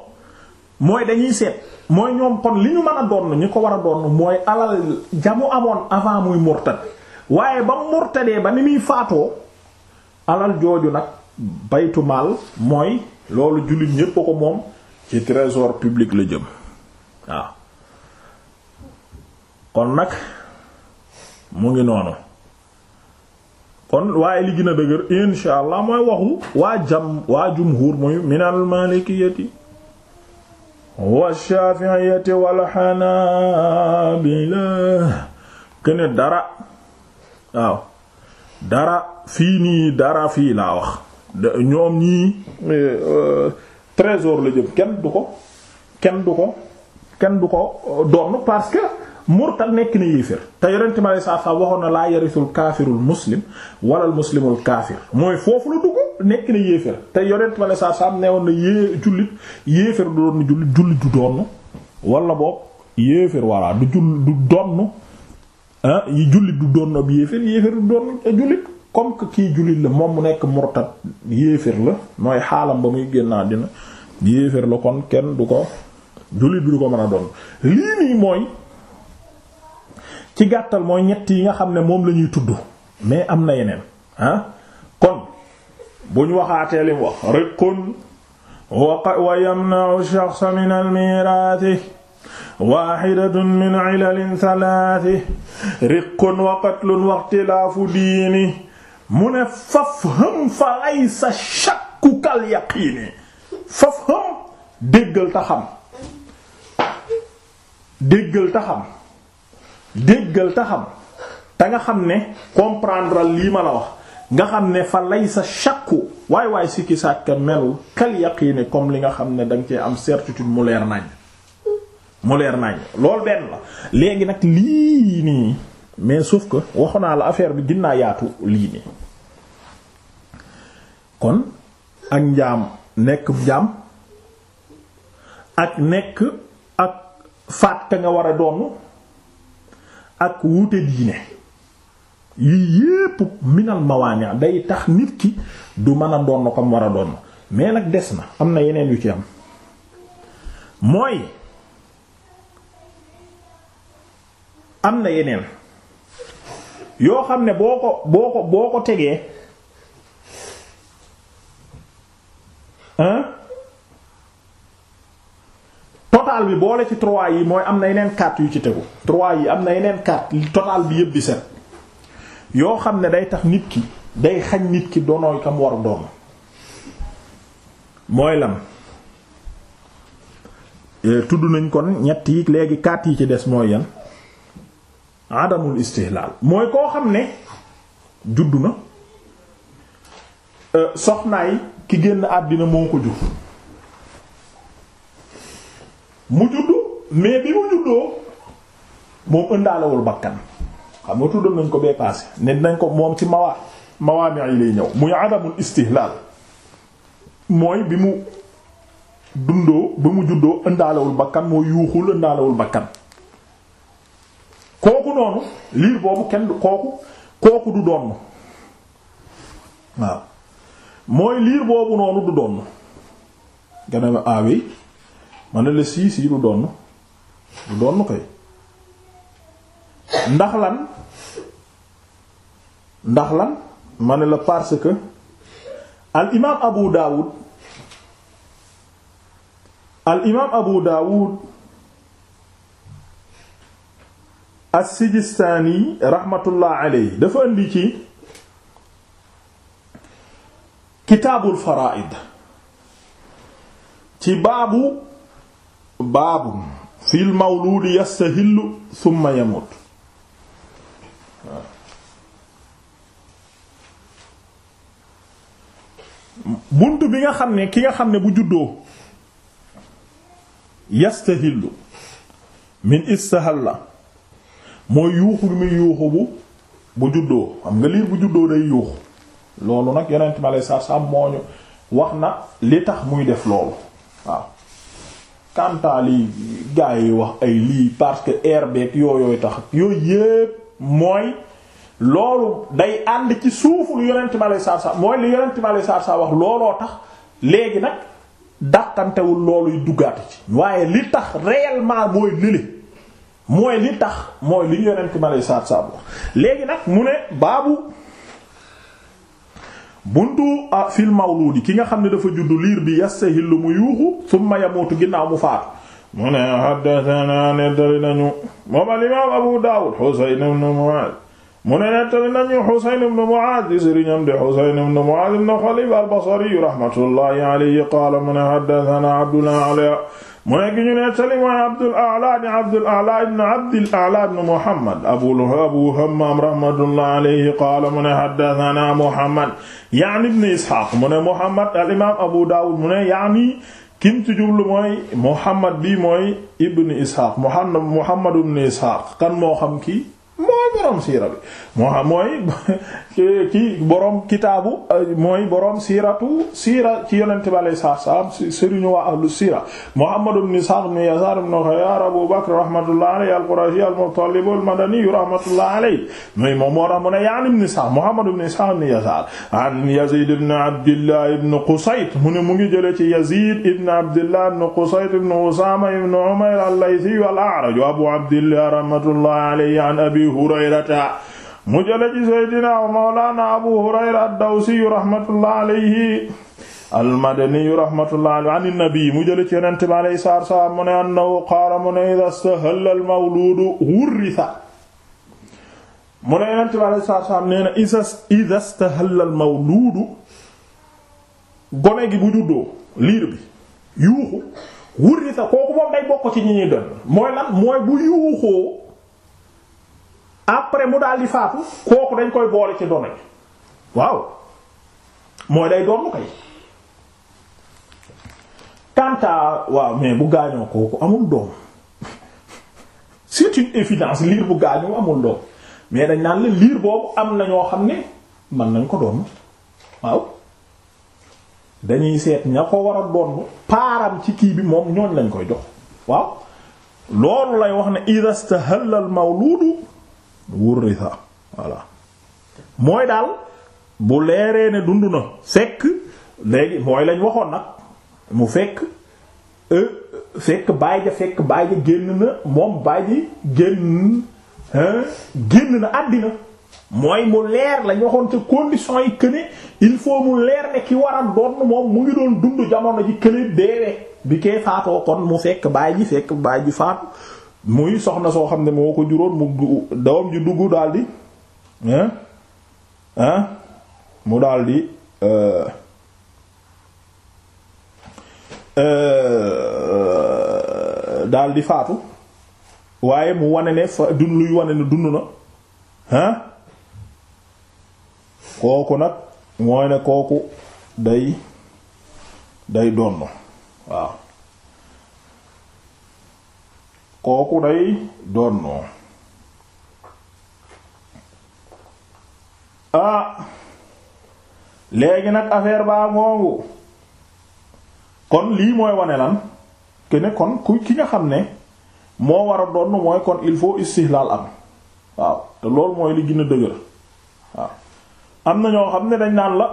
mooy dañuy seet mooy ñoom kon li ñu mën a doon ñi ko war a doon mooy alal jamu amoon avant muy murtad waaye ba murtadee ba ni muy faatoo alal jooju nag baytu maal mooy loolu jullit ñépp a ko moom ci trésor public la jëm waaw kon nag mu ngi noonu kon waaye li gën a dëgër insha allah mooy waxu waa jam waa jumhur muy minal malikiyati wa shafi'iyati wal hanabila kene dara waaw dara fii nii dara fii laa wax ñoom ñii trésor la jëm kenn du ko kenn du ko kenn du ko doon parce que murtad nekk na yéefér te yonente mi aleye sat waxoon na laa yarisul kaafirul muslim wala al muslimul mooy foofu lu nekk na yéeféer te yonent ma ne saa saam nee woon na yée jullit yéeféer du doon jullit jullit du doon walla du jull du du doon ab yéeféer yéeféer du doon jullit comme que kii jullit la moom mu nekk murtad yéeféer la mooy xaalam ba muy génnaa dina yéeféer la kon kenn du ko jullit bi du ko mën a doon lii nii mooy ci gàttal mooy ñett yi nga xam ne moom lañuy tudd mais am na yeneen ah bu ñu waxaatee lim wax riqun wa yamna'u shaxsa min almiraati waaxidatun min ilalin thalaati riqun wa qatlun wa mu ne fafham fa laysa shakku kal yaqiini fafham déggal ta xam déggal ta xam déggal ta ne comprendre lii ma la nga xam ne fa lay sa shakku waay waay sikki sàkka melul kal yaqiine comme li nga xam ne danga cee am certitude mu leer nañ mu leer nañ loolu benn la léegi nag lii nii mais suuf ko waxu naa la affaire bi ginnaa yaatu lii nii kon ak njaam nekk njaam ak nekk ak faat ka nga war a doon ak wuute diine yii yépp minal mawaaña day tax nit ki du mën a doon comme war a doon mais nag des na am na yeneen yu ci am mooy am na yeneen yoo xam ne boo ko boo ko boo ko tegee total bi boole ci trois yi mooy am na yeneen quatre yu ci tegu trois yi am na yeneen quatre total bi yépp set yoo xam ne day tax nit ki day xañ nit ki donooy kam war doon mooy lan eh, tudd nañ kon ñett yi léegi kaat yi ci des mooy yan adamul istihlaal mooy koo xam ne juddu na eh, soxnaay ki génn àddina moo ko jur mu juddu mais bi mu juddoo moom ëndaalewul bakkan xam nga tuddoon nañ ko bee passé ne nañ ko moom ci mawaa mawaami yi lay ñëw muy adamul istihlaal mooy bi mu dundoo bi mu juddoo ëndaalewul bakkan mooy yuuxul ëndaalewul bakkan kooku noonu liir boobu kenn kooku kooku du donn waaw mooy liir boobu noonu du donn ganawe aawe man ah la sii sii du donn du donn kay ndax lan ndax lan ma ne la parce que al imaam Abu Dawud al imaam Abu Dawud as-Sijistaani rahmatullah alayhi dafa indi ci kitaabul faraa'id ci baabu baabu fil mawluudi yastahillu thumma yamut bunt bi nga xam ne ki nga xam ne bu juddoo yastahillu min istahalla mooy yuuxu bi muy yuuxu bu bu juddoo xam nga liir bu juddoo day yuuxu loolu nag yonent mi aleyhi salaatu salaam moo ñu wax na li tax muy def loolu waaw kantaa li gaa yi wax ay lii parce que air beeg yooyooy tax yooyu yépp mooy loolu day ànd ci suufu lu yonent ma lay saar mooy lu yonent ma lay saar looloo tax léegi nag dàqantewul looluy duggaati ci waaye li tax réellement mooy lële mooy li tax mooy li yonent ma lay saar wax léegi nag mu ne baabu buntu ah, fil mawludi ki nga xam ne dafa juddu liir bi yastahillu mu yuuxu summa yamutu ginnaaw mu faatu mu ne haddathana nettali nañu moom al imaam Abu Dawud Husayn ibn Mu'adh mu ne nettali nañu Husayn ibn Mu'aaz di sëriñam de Husayn ibn Mu'aaz ibn Xalifa al-Basri rahmatullahi alayhi qaala mu ne haddathanaa Abdul A'laa mu ne gi ñu nettali mooy Abdul A'laa di Abdul A'laa ibn Abdil A'laa ibn Muhammad Abu Hammaam rahmatullahi alayhi qaala mu ne haddathanaa Muhammad yaani ibn Ishaaq mu ne Muhammad al-imaam Abu Daawuud mu ne yaani kim ci jublu mooy Muhammad bi mooy ibn Ishaaq Muhammad ibn Ishaaq kan moo xam ki moo borom siira bi moo mooy ki boroom kitaabu mooy boroom siiratu siira ci yonent bi alayhi salaam sëriñu waa ahlu siira Muhammad ibn Ishaq ibn Yasaar ibn Xayyaar Abu Bakr rahmatullahi alayhi al-Qurashi al-Mutallib al-Madani rahmatullahi alayhi mooy moom moo tax mu ne yaani ibn Ishaq Muhammad ibn Ishaq ibn Yasaar an Yazid ibn Abdillah ibn Qusayt mu ne mu ngi jële ci Yazid ibn Abdillah ibn Qusayt ibn Usaama ibn Umayr al-Laythi al-A'raj Abu Abdillah rahmatullahi alayhi an Abi Hurayrata mu jële ci seydina mawlaana abu hurayra ad rahmatullah alayhi almadaniyu rahmatullah alayhi an nabi mu jële ci yonente alayhi mu ne annahu qaala mu mu ne yonente alayhi salaatu wassalaam nee na idha gone gi bu juddoo liir yuuxu wurrisa kooku moom day bokk ci ñi ñuy doon mooy lan mooy bu yuuxoo après mu daal di faatu kooku dañ koy boole ci dono bi waaw mooy day doon kay tanta waaw mais bu gaañoo kooku amul doom c'est une évidence liir bu gaañoo amul doom mais dañ naan la liir boobu am na ñoo xam ne mën nañ ko doom waaw dañuy seet ña ko war a doon paaram ci kii bi moom ñooñ lañ koy jox waaw loolu lay wax ne idha istahalla al mawludu wurrisa voilà mooy daal bu leeree ne dund na fekk léegi mooy lañ waxoon nag mu fekk e, fekk baay ja fekk baay ja génn na moom baay ji génn génn na àddina mooy mu leer lañ waxoon te condition yi këne il faut mu leer ne ki waral doon moom mu ngi doon dund jamono ji këne deewee bi kee faatoo kon mu fekk baay ji fekk baay ji faatu muy soxna soo xam ne moo ko juróon mu doom ji dugg daldi hein hein mu daldi euh, euh, daldi faatu waaye mu wane ne fa dund luy wane ne dund na hein kooku nag mooy ne kooku day day donn waaw kooku day doonnoo ah, léegi nag affaire baa ngoongu kon lii mooy wane lan ke kon ku ki nga xam ne moo war a donn mooy kon il faut istihlaal am waaw te loolu mooy li gën dëgër am na ñoo xam ne dañ naan la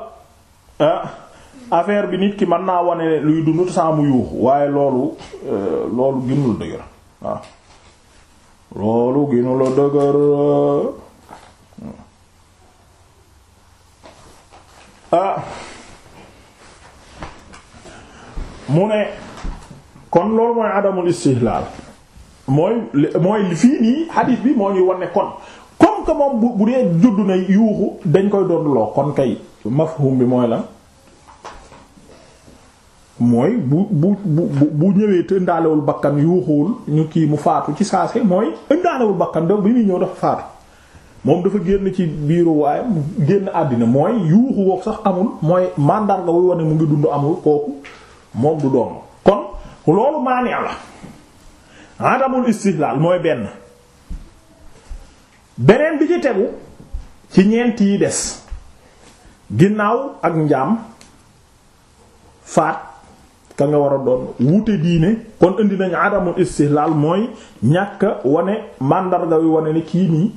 ah bi nit ki mën naa wane luy dund saa mu yuuxu waaye loolu euh, loolu gënul dëgër waaw ah. loolu ginu la ah. mu ne kon loolu mooy adamul istihlaal mooy mooy fii nii hadith bi moo ñuy wan ne kon comme moom bu dee juddu na yuuxu dañ koy doon loo kon kay mafhum bi mooy la mooy bu bu bu bu ñëwee te bakkan yuuxuwul ñu kii mu faatu ci saase mooy ëndaalewul bakkan da bi muy ñëw dafa faatu moom dafa génn ci biiru waaye mu génn àddina mooy yuuxu woo sax amul mooy màndarga wuy wane mu ngi dund amul kooku moom du doom kon loolu maanee la adamul istihlaal mooy benn beneen bi ci tegu ci ñeent yi des ginnaaw ak njaam faat ka war a doon wuute diine kon indi nañu adamu istihlaal mooy ñàkk wane màndarga wi wane ni kii nii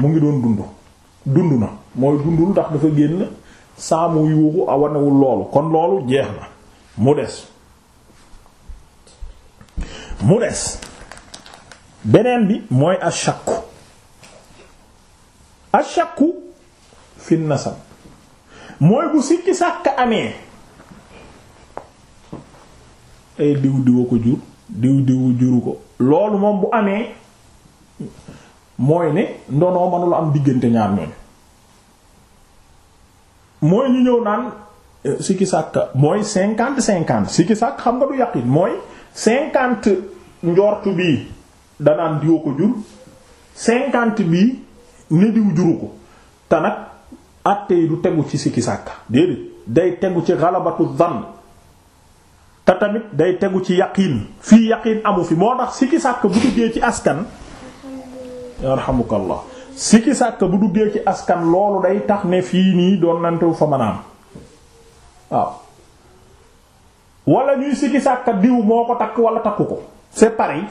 mu ngi doon dund dund na mooy dundul ndax dafa génn saamu yuuxu a loolu kon loolu jeex na mu des mu des beneen bi mooy ashakku ashakku fi nasab mooy bu sikki sàkk amee ay eh, diw diwa ko jur diw diwu juru ko loolu moom bu amee mooy ne ndonoo manula am diggante ñaar ñooñu mooy ñu ñëw naan eh, sikki mooy cinquante cinquante sikki sàkk xam nga du yàqin mooy cinquante njortu bii danaan diwa ko jur cinquante bii ne diw juru ko te nag du tegu ci sikki sàkk déedéet day tegu ci xalabatu dhann te tamit day tegu ci yaqiin fii yaqiin amu fi moo tax sikki sàkk bu duggee ci askan yarhamukallah sikki sàkk bu duggee ci askan loolu day tax ne fii nii doon nantewu fa manaam waaw wala ñuy sikki sàkk diw moo ko takk wala takku ko c'est pareil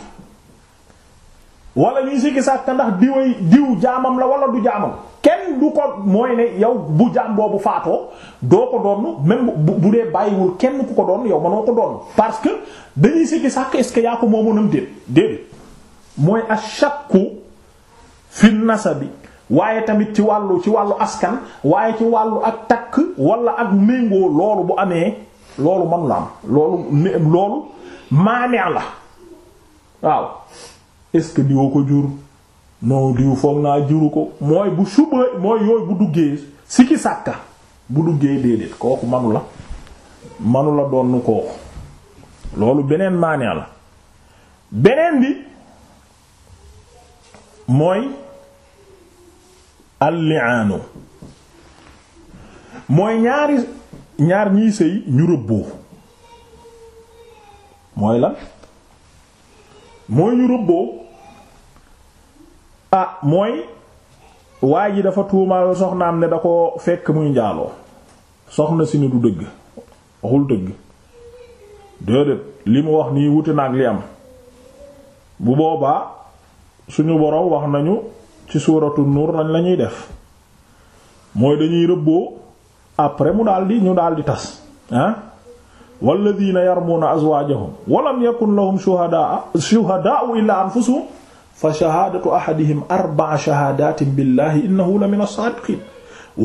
wala ñuy sikki sàkk ndax diway diw jaamam la wala du jaamam kenn du ko mooy ne yow bu jaam bu faatoo doo ko doon même bu dee bàyyiwul kenn ku ko doon yow mënoo ko doon parce que dañuy sikki sàkk est ce que yaa ko moomoonam déet déedéet mooy ashakku fi nasabi waaye tamit ci wàllu ci wàllu askan waaye ci wàllu ak takk wala ak méngoo loolu bu amee loolu manu la am loolu loolu la waaw est-ce que ko jur non diw foog naa juru ko mooy bu suba mooy yooyu bu duggee sikki sàkka bu duggee déedéet kooku manu la manu doon kooku loolu beneen maane la beneen bi mooy alliaanu mooy ñaari ñaar ñiy sëy ñu rëbboo mooy lan mooy ñu rëbboo ah mooy waay ji dafa tuumaal soxnaam ne da ko fekk muy njaaloo soxna si ne du dëgg waxul dëgg déedéet li mu wax nii wuti naag li am bu boobaa suñu borom wax nañu ci suuratu nuur nañ la ñuy def mooy dañuy rëbboo après mu daldi ñu daldi tas walladina yarmuuna azwaajahum walam yakun lahum shuhadaa shuhadaau illaa anfusuhum fa shahaadatu ahadihim arba'a shahaadatin billahi innahu la min as-saadiqiin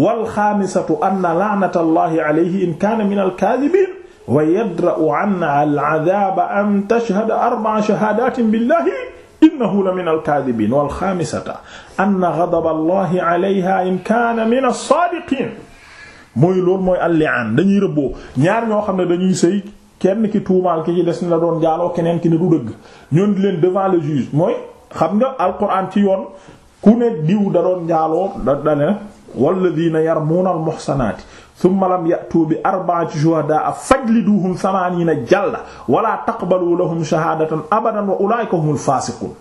wal xaamisatu anna la'nata allahi alayhi in kaana min al-kaadibiin wa yadra'u anha al-'adaaba an tashhada arba'a shahaadatin billahi innahu la min al-kaadibiin wal xaamisatu anna ghadaba allahi alayha in kaana min as-saadiqiin mooy loolu mooy al-li'aan dañuy rëbboo ñaar ñoo xam ne dañuy sëy kenn ki tuumaal ki ci des ni la doon jaaloo keneen ki ne du dëgg ñoo di leen devant le juge mooy xam nga alquran ci yoon ku ne diw da doon njaaloo da dane walladina yarmuuna al muhsanaati thumma lam ya'tu bi arba'ati da fajliduhum thamaaniina jalla wala taqbalu lahum shahaadatan abadan wa ulaa'ika humul faasiquun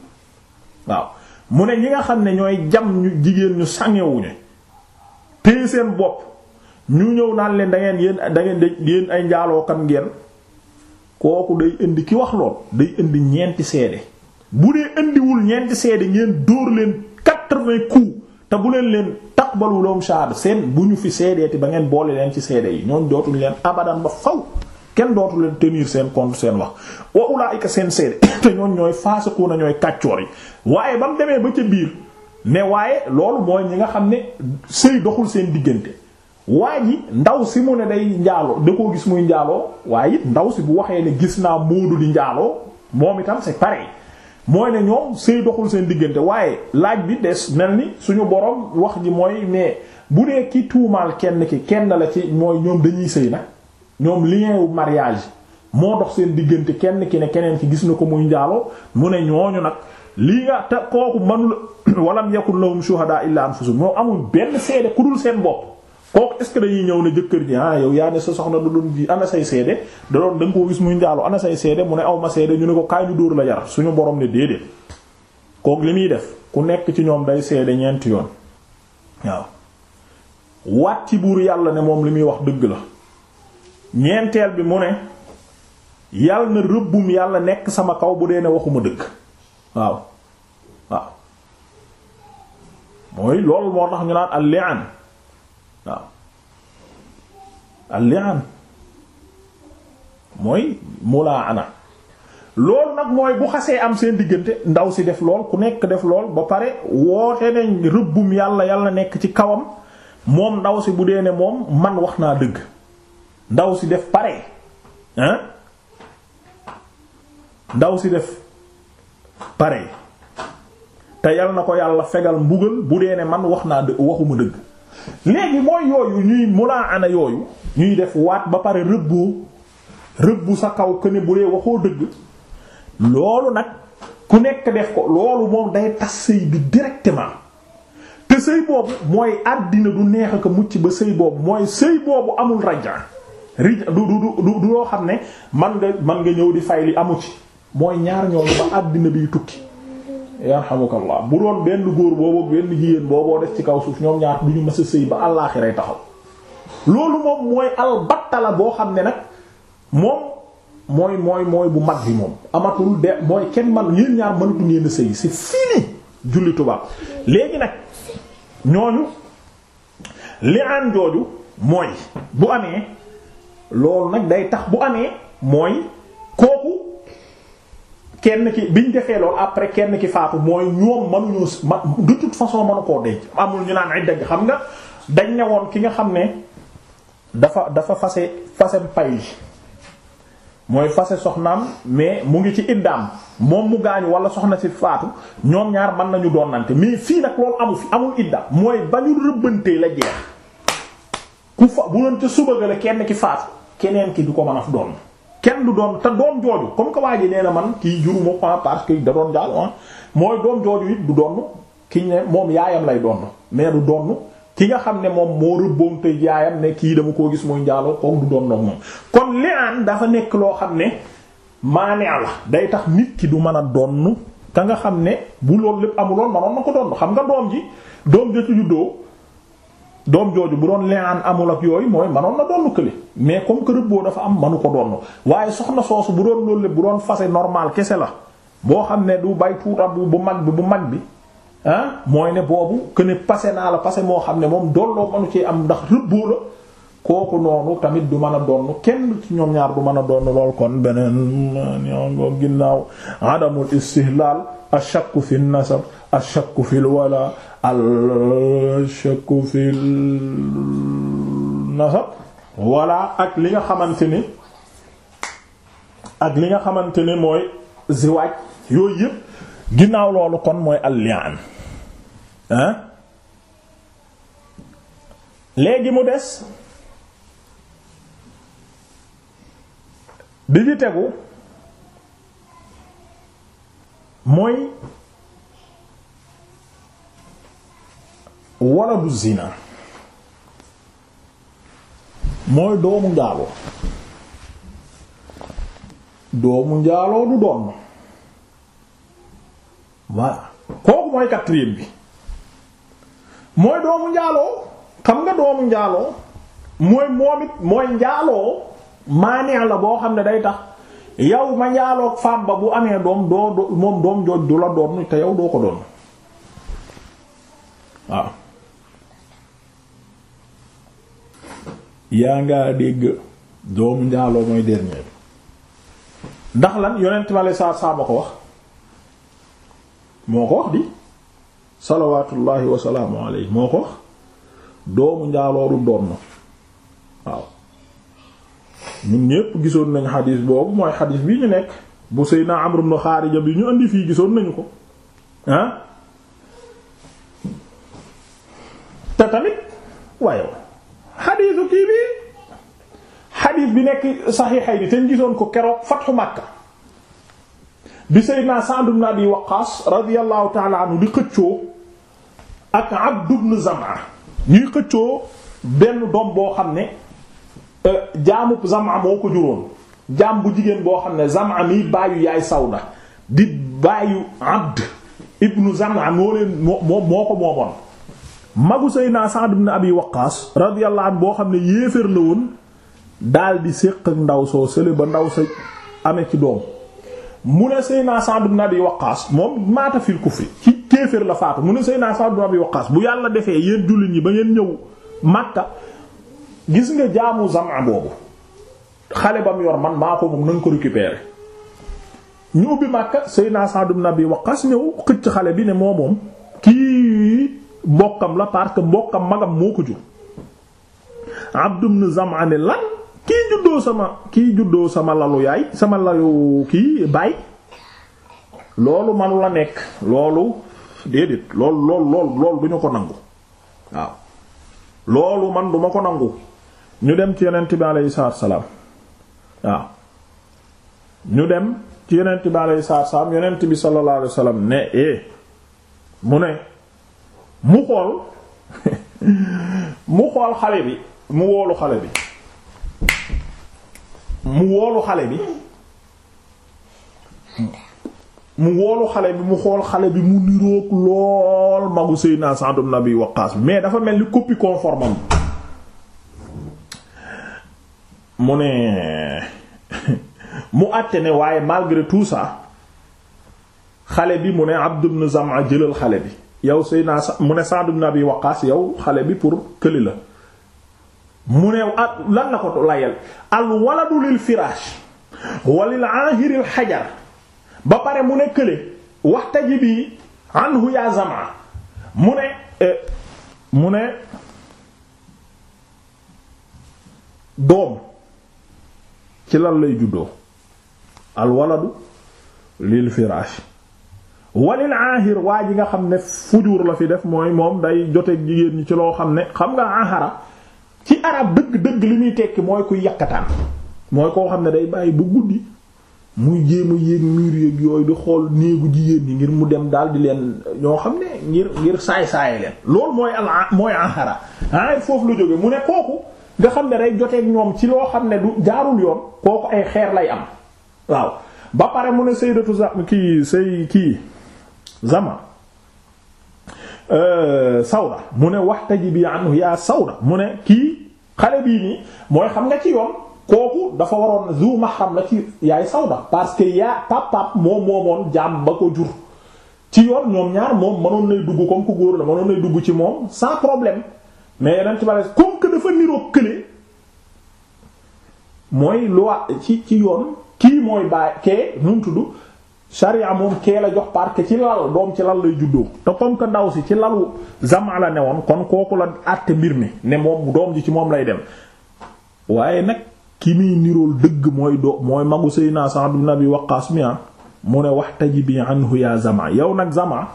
waaw mu ne ñi nga xam ne ñooy jam ñu jigéen ñu sàngewuñu téye seen bopp ñu ñëw naan leen da ngeen yéen da ngeen yéen ay njaalookat ngeen kooku day indi ki wax lool day indi ñeenti seede bu dee indiwul ñeenti seede ngeen dóor leen quatre-vingts coups te bu leen leen taqbalu lahum shahada seen bu ñu fi seedeeti ba ngeen boole leen ci seede yi ñooñ dootuñ leen abadan ba faw kenn dootu leen tenir seen compte seen wax wa ulaa'ika seen seede te ñoon ñooy na ñooy kàccoor yi waaye ba mu demee ba ca biir mais waaye loolu mooy ñi nga xam ne sëy doxul seen diggante waa ji ndaw si mu ne day njaaloo da koo gis muy njaaloo waaye ndaw si bu waxee ne gis naa Moodu di njaaloo moom itam c'est pareil mooy ne ñoom sëy seen diggante waaye laaj bi des mel ni suñu borom wax ji mooy ne bu dee ki tuumaal kenn ki kenn la ci mooy ñoom dañuy sëy na ñoom lien wu mariage moo dox seen diggante kenn ki ne keneen ki gis na ko muy njaaloo mu ne ñooñu nag lii nga te kooku manul walam yakul lahum shuhada illa anfusuhum moo amul benn seede ku dul seen bopp kook est yi ñëw ne jëkkër ji ah yow yaa ne sa soxna da doon ji ana say seede da doon da nga koo gis muy njaalu ana say seede mu ne aw ma seede ñu ne ko kaay ñu dóor la yar suñu borom ne déedéet kooku li muy def ku nekk ci ñoom day seede ñeenti yoon waaw waat ci buur yàlla ne moom li muy wax dëgg la ñeenteel bi mu ne yàlla na rëbbum yàlla nekk sama kaw bu dee ne waxuma dëgg waaw waaw mooy loolu moo tax ñu naan al waaw al-li'an mooy mulaa ana loolu nag mooy bu xasee am seen diggante ndaw si def lool ku nekk def lool ba pare woote nañ rëbbum yàlla yàlla nekk ci kawam moom ndaw si bu dee ne moom man wax naa dëgg ndaw si def pare ndaw si def pare te yal na ko yàlla fegal mbugal bu dee ne man wax naa dë- waxuma dëgg léegi mooy yooyu ñuy mulaa ana yooyu ñuy def waat ba pare rëbboo rëbbu sa kaw que bu dee waxoo dëgg loolu nag ku nekk def ko loolu moom day tas sëy bi directement te sëy boobu mooy àddina du neex ak mucc ba sëy boobu mooy sëy boobu amul raja rij du du du xam ne man nga man nga ñëw di fay li amu ci mooy ñaar ñooñu ba àddina biy tukki yarhamukallah bu doon benn góor boobu benn jigéen booboo def ci kaw suuf ñoom ñaar du ñu ma sa sëy ba àllaaxiray taxaw loolu moom mooy albattala boo xam ne nag moom mooy mooy mooy bu mag bi moom amatul de mooy kenn man yéen ñaar mënatu ngeen a sëy c'est fini julli tubaab léegi nag ñooñu li aan jooju mooy bu amee loolu nag day tax bu amee mooy kooku kenn ki biñ defee loolu après kenn ki faatu mooy ñoom mënuñoo ma de toute façon mënu koo denc amul ñu naan idda gi xam nga dañ ne woon ki nga xam ne dafa dafa fase fasem pay mooy fase soxnaam mais mu ngi ci iddaam moom mu gaañu wala soxna si faatu ñoom ñaar man nañu doonante mais fii nag loolu amu fi amul idda mooy ba rëbbantee la jeex ku fa bu doon ca suba la kenn ki faatu keneen ki du ko mën a doon. kenn du doon te doom jooju comme que waa ji nee na man kii juruma ko parce que da doon jaal ah mooy doom jooju it du doon ki moom yaayam lay doon mais du doon ki nga xam ne moom moo rëbboon te yaayam ne kii dama koo gis muy njaaloo kook du doon moom kon li dafa nekk loo xam ne maanee la day tax nit ki du mën a donn ka nga xam ne bu loolu lépp amuloon manoon na ko donn xam nga doom ji doom ja ci juddoo doom jooju bu doon lenaan amul ak yooyu mooy manoon na doon kële mais comme que rëbboo dafa am manu ko doon waaye soxna soosu bu doon loolu bu doon fase normal kese la boo xam ne du bay tuuta bu bu mag bi bu mag bi ah mooy ne boobu que ne naa la passé moo xam ne moom dolloo manu ci am ndax rëbboo la kooku noonu tamit du mën a donn kenn ci ñoom ñaar du mën a donn lool kon beneen ñoo ginnaaw adamul istihlaal ashakku fi nasab ashakku fil wala al shakku fil nasab walla ak li nga xamante ni ak li nga xamante ni mooy ziwaaj yooyu yépp ginnaaw loolu kon mooy al hein léegi mu des bi ci tegu mooy waladu zina mooy doomu njaaloo doomu njaaloo du doon voilà kooku mooy quatrième bi mooy doomu njaaloo xam nga doomu njaaloo mooy moom it mooy njaaloo maaneex la boo xam ne day tax yow ma njaaloog femme ba bu amee doom doo moom doom jooj du la doon te yow doo ko doon waaw yaa ngaa dégg doomu njaaloo mooy dernier bi lan yonent ma la saa saa ma ko wax moo ko wax di salawaatullahi wasalaamu alayhi moo ko wax doomu njaaloo du doon na waaw ñun ñépp gisoon nañu xadiis boobu mooy xadiis bi ñu nekk bu Seydina Amr ibn Xaarija bi ñu indi fii gisoon nañu ko ah te tamit waaye xadiisu kii bi xadiis bi nekk saxiixayni te ñu gisoon ko keroog fatxu Makka bi Seydina Sa'd ibn Abi Waqqaas radiyallahu ta'ala anhu di xëccoo ak Abd ibn Zam'a ñuy xëccoo benn doom boo xam ne euh, jaamu Zam'a moo ko juróon jaam bu jigéen boo xam ne Zam'a mi baayu yaay Sawda di baayu Abd ibn Zam'a moo leen moo moo ko moomoon magu Seydina Sa'd ibn Abi Waqqas radiyallahu anhu boo xam ne yéeféer la woon daal di séq ak ndaw soo sële ba ndaw sa amee ci doom mu ne Seydina naa ibn Abi Waqqas moom maata fil kufri ci kéeféer la faatu mu ne Seydina Sa'd ibn Abi Waqqas bu yàlla defee yéen jullit ñi ba ngeen ñëw Makka gis nga jaamu Zam'a boobu xale ba mu yor man maa ko moom nañ ko récupérer ñu ubbi Makka Seydina Sa'd ibn Abi Waqqas ñëw xëcc xale bi ne moo moom kii bokkam la parce que mbokkam magam moo ko jur Abd ibn Zam'a ne lan kii juddoo sama kii juddoo sama lalu yaay sama lalu kii baay loolu manu la nekk loolu déedéet loolu loolu lool loolu du ñu ko nangu waaw loolu man duma ko nangu ñu dem ci yonent bi aleyhi salaatu salaam waaw ñu dem ci yonent bi aleyhi salaatu salaam yonent bi sallallahu alayhi wasallam ne eh mu ne mu xool mu xool xale bi mu woolu xale bi mu woolu xale bi mu woolu xale bi mu xool xale bi mu niroog lool magu Seydina Sa'd ibn Abi Waqqas mais dafa mel ni copie conforme mu ne mu àtte ne waaye malgré tout ça xale bi mu ne Abd ibn Zam'a jëlal xale bi yow sëy sa mu ne Sa'd ibn Abi Waqqas yow xale bi pour këli la mu ne ah lan la ko layal al waladu lil firaash walil aahiril xajar ba pare mu ne kële waxtaji bi anhu ya zama mu ne e, mu ne doom ci lal lay juddoo al waladu lil firaash walil ahir waa ji nga xam ne fujur la fi def mooy moom day joteeg jigéen ñi ci loo xam ne xam nga ahara ci arab dëgg-dëgg li muy tekki mooy kuy yàkkataan mooy koo xam ne day bàyyi bu guddi muy jéem a yooyu di xool néegu jigéen ñi ngir mu dem daal di leen ñoo xam ne ngir ngir saay-saay leen loolu foofu la jóge mu ne kooku nga xam ne day joteeg ñoom ci loo xam ne du jaarul yoon kooku ay xeer lay am waaw ba pare mu ne sayyidatu za ki say kii zama euh, sawda mu ne waxtaji bi anhu yaa sawda mu ne kii xale bii nii mooy xam nga ci yoon kooku dafa waroon zu mahram la ci yaay sawda parce que yaa pap pap moom moomoon jaam ba ko jur ci yoon ñoom ñaar moom mënoon nay dugg comme ku góor la mënoon nay dugg ci moom sans problème mais yeneen ci bari comme que dafa niroo kële mooy loi ci ci yoon kii mooy bàyyi kee nu mu sharia moom kee la jox parce que ci lal doom ci lal lay juddoo te comme que ndaw si ci lalu zama la ne woon kon kooku la àtte mbir mi ne moom doom ji ci moom lay dem waaye nag ki muy nirool dëgg mooy doo mooy magu Seydina Sa'd ibn Abi Waqqas mi ah, mu ne wahtajibi anhu yaa yow nag zama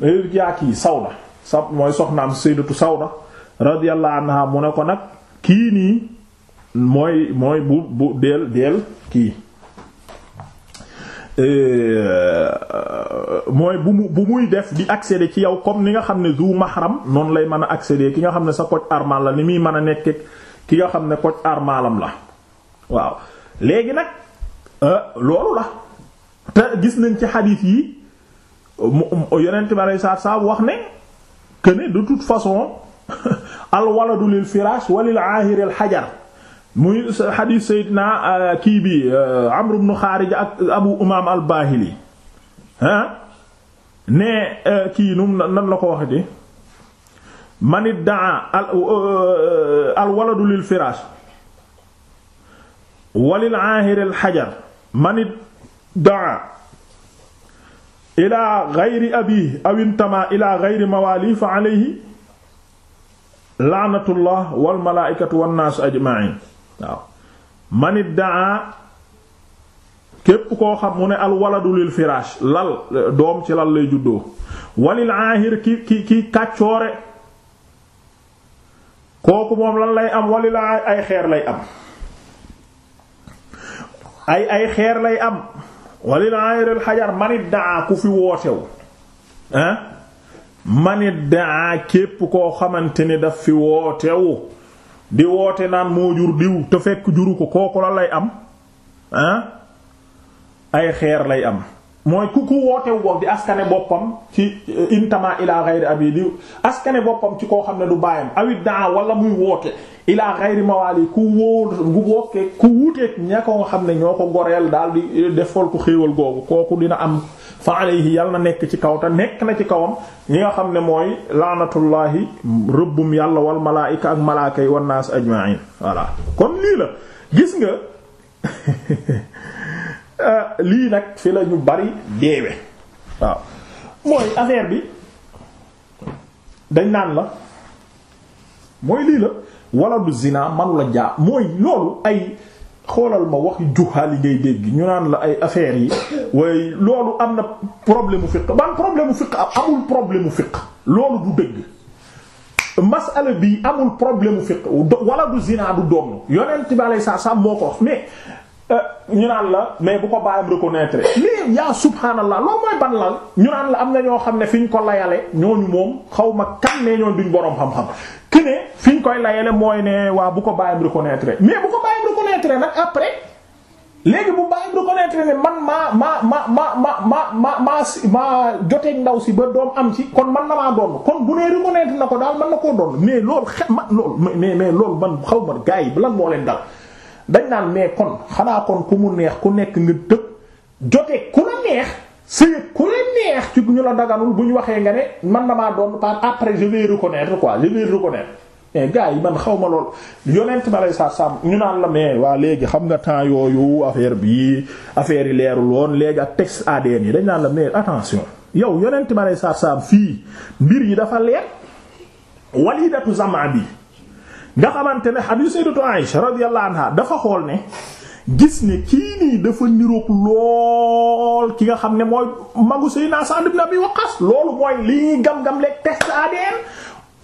yaa kii Sawda sa mooy soxnaam Sayyidatu Sawda radiyallahu anha mu ne ko nag kii nii mooy mooy bu bu deel deel kii Euh, mooy bu mu bu muy def di accéder ci yow comme ni nga xam ne du mahram noonu lay mën a accéder ki nga xam ne sa koc armal la ni muy mën a nekk ki nga xam ne koc armalam la waaw léegi nag euh, loolu la te gis nañ ci xadiis yi yonent bi alei saatu salaam wax ne que de toute façon al waladu lil firaash wa lil aahiri al hajar muy xadiis Seydina euh, kii bi euh, Amr ibn Xaarija ak Abu Umaam al-Baahili ah ne euh, kii num nan la ko waxati man iddaa al waladu lil firaash walil aahiri al xajar man iddaa ila gayri abiihi aw intamaa ila gayri mawaaliihi fa alayhi laanatullah wal malaa'ikati wan naas ajma'iin waaw manit daa képp koo xam mu ne al waladu lil lal doom ci lal lay juddoo walil aahir ki ki ki kàccoore kooku moom lan lay am walil ay xeer lay am ay xeer lay am walil aahir al xajar manit daa ku fi wootew hein manit daa képp koo xamante ni daf fi wootewu di woote naan moo jur diw te fekk juru ko kooku la lay am ay xeer lay am mooy ku ku wootewu boog di askane boppam ci eh, intama ila ghayri abi di askane boppam ci koo xam ne du baayam awit daa wala muy woote ila ghayri mawali ku wóo ku wuuteeg ña nga xam ne ñoo ko goreel daal di eh, defool ko xéewal googu kooku dina am fa alayhi yal na nekk ci kaw te nekk na ci kawam ñi nga xam ne mooy laanatullaahi rëbbum yàlla wal malaayika ak malaaka yi wan naas ajma'in voilà kon lii la gis nga euh, lii nag fi la bari deewe waaw mooy affaire bi dañ naan la mooy lii la wala du zina manu la jaa mooy loolu ay xoolal ma wax juhaal yi ngay dégg ñu naan la ay affaires yi waaye loolu am na problème mu fiq ban problème mu fiq amul problème mu fiq loolu du dëgg masala bi amul problème mu fiq wala du zinaa du doom yonent bi alayhi salaam moo ko wax mais Euh, ñu naan la mais bu ko baayam reconnaître mais yaa subhaanallah loolu mooy ban lal ñu naan la am na ñoo xam ne fi ñu ko layale ñooñu moom xaw ma kan ne ñoom duñ boroom xam-xam ki ne fi ñu koy layale mooy ne waa bu ko baayam reconnaître mais bu ko baayam reconnaître nag après léegi bu baayam reconnaître ne man maa maa ma ma ma ma ma maa maa joteeg ndaw si ba doom am ci kon man na maa doon kon bu nee reconnaître na ko daal mën na koo doon mais loolu xe mais mais loolu man xaw ma gars yi lan moo leen dal dañ naan mais kon xanaa kon ku mu neex ku nekk nga tëb jote ku la neex sëyëg ku la neex ci ñu la daganul bu ñu waxee nga ne man damaa doon par après je vais reconnaître quoi je vais reconnaître mais yi man xaw ma lool yonent ma lay sa sam ñu naan la mais waa léegi xam nga temps yooyu affaire bi affaire yi leerul woon léegi ak texte ADN yi dañ naan la mais attention yow yonent ma lay sa sam fii mbir yi dafa leer walidatu zama bi nga xamante ne hadith sayyidatu Aisha radiyallahu anha dafa xool ne gis ne kii nii dafa nirook lool ki nga xam ne mooy magu Seydina Sa'd ibn Abi Waqqas loolu mooy li ñuy gam-gam leeg test ADN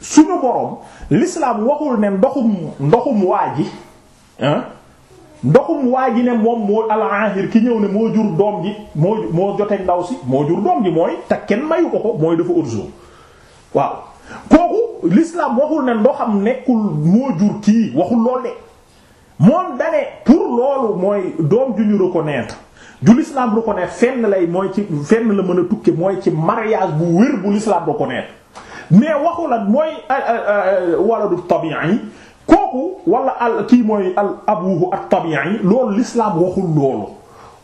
suñu borom l'islam waxul ne ndoxum ndoxum waa ji ndoxum waa ji ne moom moo al ki ñëw ne moo jur doom ji moo moo joteeg ndaw si moo jur doom ji mooy te kenn mayu ko ko mooy dafa ursu waaw kooku l'islam waxul ne ndoxam nekkul moo jur kii waxul lool de moom dane pour loolu mooy doom ju ñu reconnaître ju l'islam reconnaître fenn lay mooy ci fenn la mën a tukki mooy ci mariage bu wér bu l'islam reconnaître mais waxu la mooy waladu yi kooku wala al kii mooy al abuhu at tabi'i loolu l'islam waxul loolu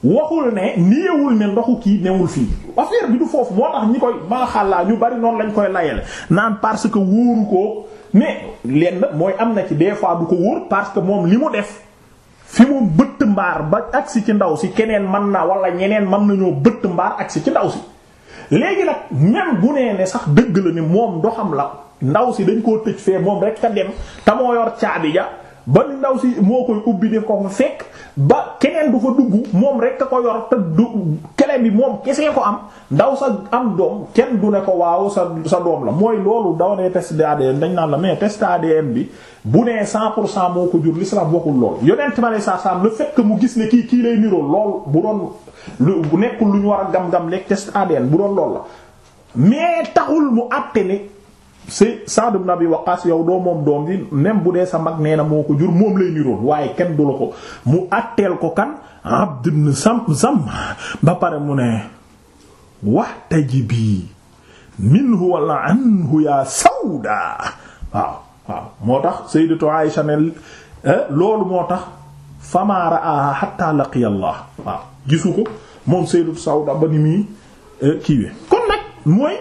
waxul ne ni niewul ne ndoxu kii newul fii affaire bi du foofu moo tax ñi koy maaxàllaa ñu bari noonu lañ koy layele naan parce que wóoru ko mais lenn mooy am na ci des fois du ko wóor parce que moom li mu def fi mu bëtt mbaar ba agsi ci ndaw si keneen mën naa wala ñeneen mën nañoo bëtt mbaar agsi ci ndaw si léegi nag même bu nee ne sax dëgg la ne moom doxam la ndaw si dañ koo tëj fee moom rek ka dem te moo yor caabi ja ba ndaw si moo koy ubbi def ko fa fekk ba keneen du fa dugg moom rek a ko yor te du kele bi moom kese ko am ndaw sa am doom kenn du ne ko waaw sa sa doom la mooy loolu daw ne test d'ADN dañ naan la mais test ADN bi bu nee 100 pour moo ko jur l'islam waxul loolu yonent ma ne saa saam le fait mu gis ne kii kii lay niroo lool bu doon lu nekkul lu ñu wax a gam-gam lekk test ADN bu doon loolu la mais taxul mu àtte ne si Sa'd ibn Abi yow doo moom doom ji même bu dee sa mag nee na moo ko jur moom lay niroon waaye kenn du la ko mu àtteel ko kan Abd ibn Sam Sam ba pare mu ne wahtajibi minhu wala anhu yaa sawda waaw waaw moo tax sayyidatu Aisha ne eh, loolu moo tax famaa ra'aha hatta laqiya waaw gisu ko moom sayyidatu Sawda ba ni muy eh, kiiwe kon nag mooy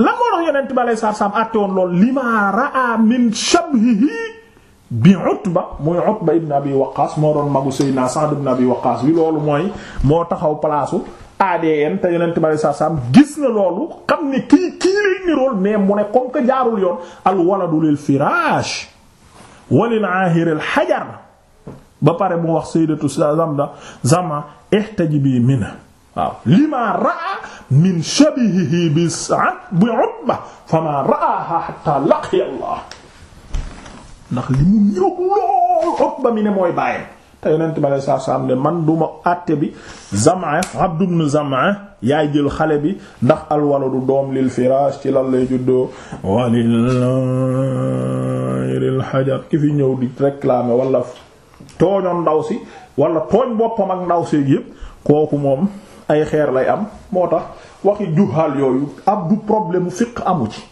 la moo tax yonent bi alayhi salaam àtte woon lool lima raa min shabhihi bi Utba muy Utba ibn Abi Waqqas moo doon magu Seydina Sa'd ibn Abi Waqqas bi loolu mooy moo taxaw palaasu ADN te yonent bi alayhi salaam gis na loolu xam ne kii kii lay nirool mais mu ne comme que jaarul yoon al waladu lil firaash wa lil aahir ba pare mu wax Sayyidatu Zamda zama ihtajibi minhu waaw lima raa min shabihihi bi sa'd bi utba fama ra'aha hatta laqiya Allah ndax li mu ñëw lool utba mi ne mooy bàyyam te yonent bi alayhi salaatu salaam ne man du ma àtte bi Zam'a Abd ibn yaay jël xale bi ndax du doom lil firaash ci lan lay juddoo walillahil ñëw di réclamer wala tooñoon ndaw si wala tooñ boppam ak ndaw si yépp kooku moom ay xeer lay am moo tax waxi juhaal yooyu ab du problème mu fiq amu ci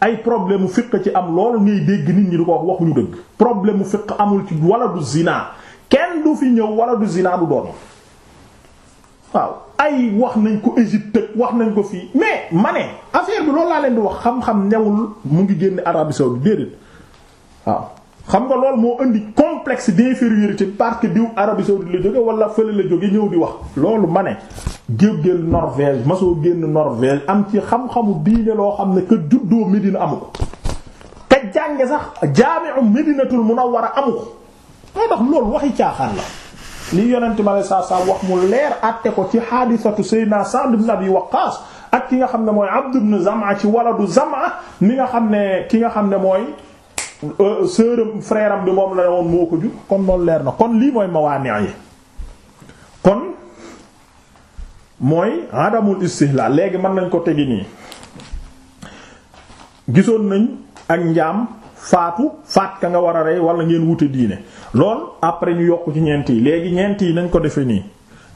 ay problème mu fiq ci am loolu ngay dégg nit ñi du ko waxuñu dëgg problème mu fiq amul ci wala du zina kenn du fi ñëw wala du zina du doon waaw ay wax nañ ko Égypte wax nañ ko fii mais ma ne bi loolu laa leen di wax xam-xam newul mu ngi génn Arabie saoudite déedéet waaw xam nga loolu moo indi complexe d'infériorité parce que diw Arabie saoudite la jóge wala fële la jóge ñëw di wax loolu ma ne géegéel Norvège masoo génn Norvège am ci xam-xamu diine loo xam ne que juddoo Médina amu ko te jànge sax jaami'u Médinatul Munawwara amu ko moo tax loolu waxi caaxaan la li yonente ma la saa saa wax mu leer àtte ko ci xaadisatu Seydina Sa'd ibn Abi Waqqas ak ki nga xam ne mooy Abd ibn Zam'a ci waladu Zam'a mi nga xam ne ki nga xam ne mooy Euh, sœuram frère am bi moom la woon moo ko jur kon loolu leer na kon lii mooy mawaani yi kon mooy adamul istihlal léegi mën nañ ko tegi nii gisoon nañ ak njaam faatu faat ka nga war a rey wala ngeen wute diine lool après ñu yokk ci ñeent yi léegi ñeent yi nañ ko defe nii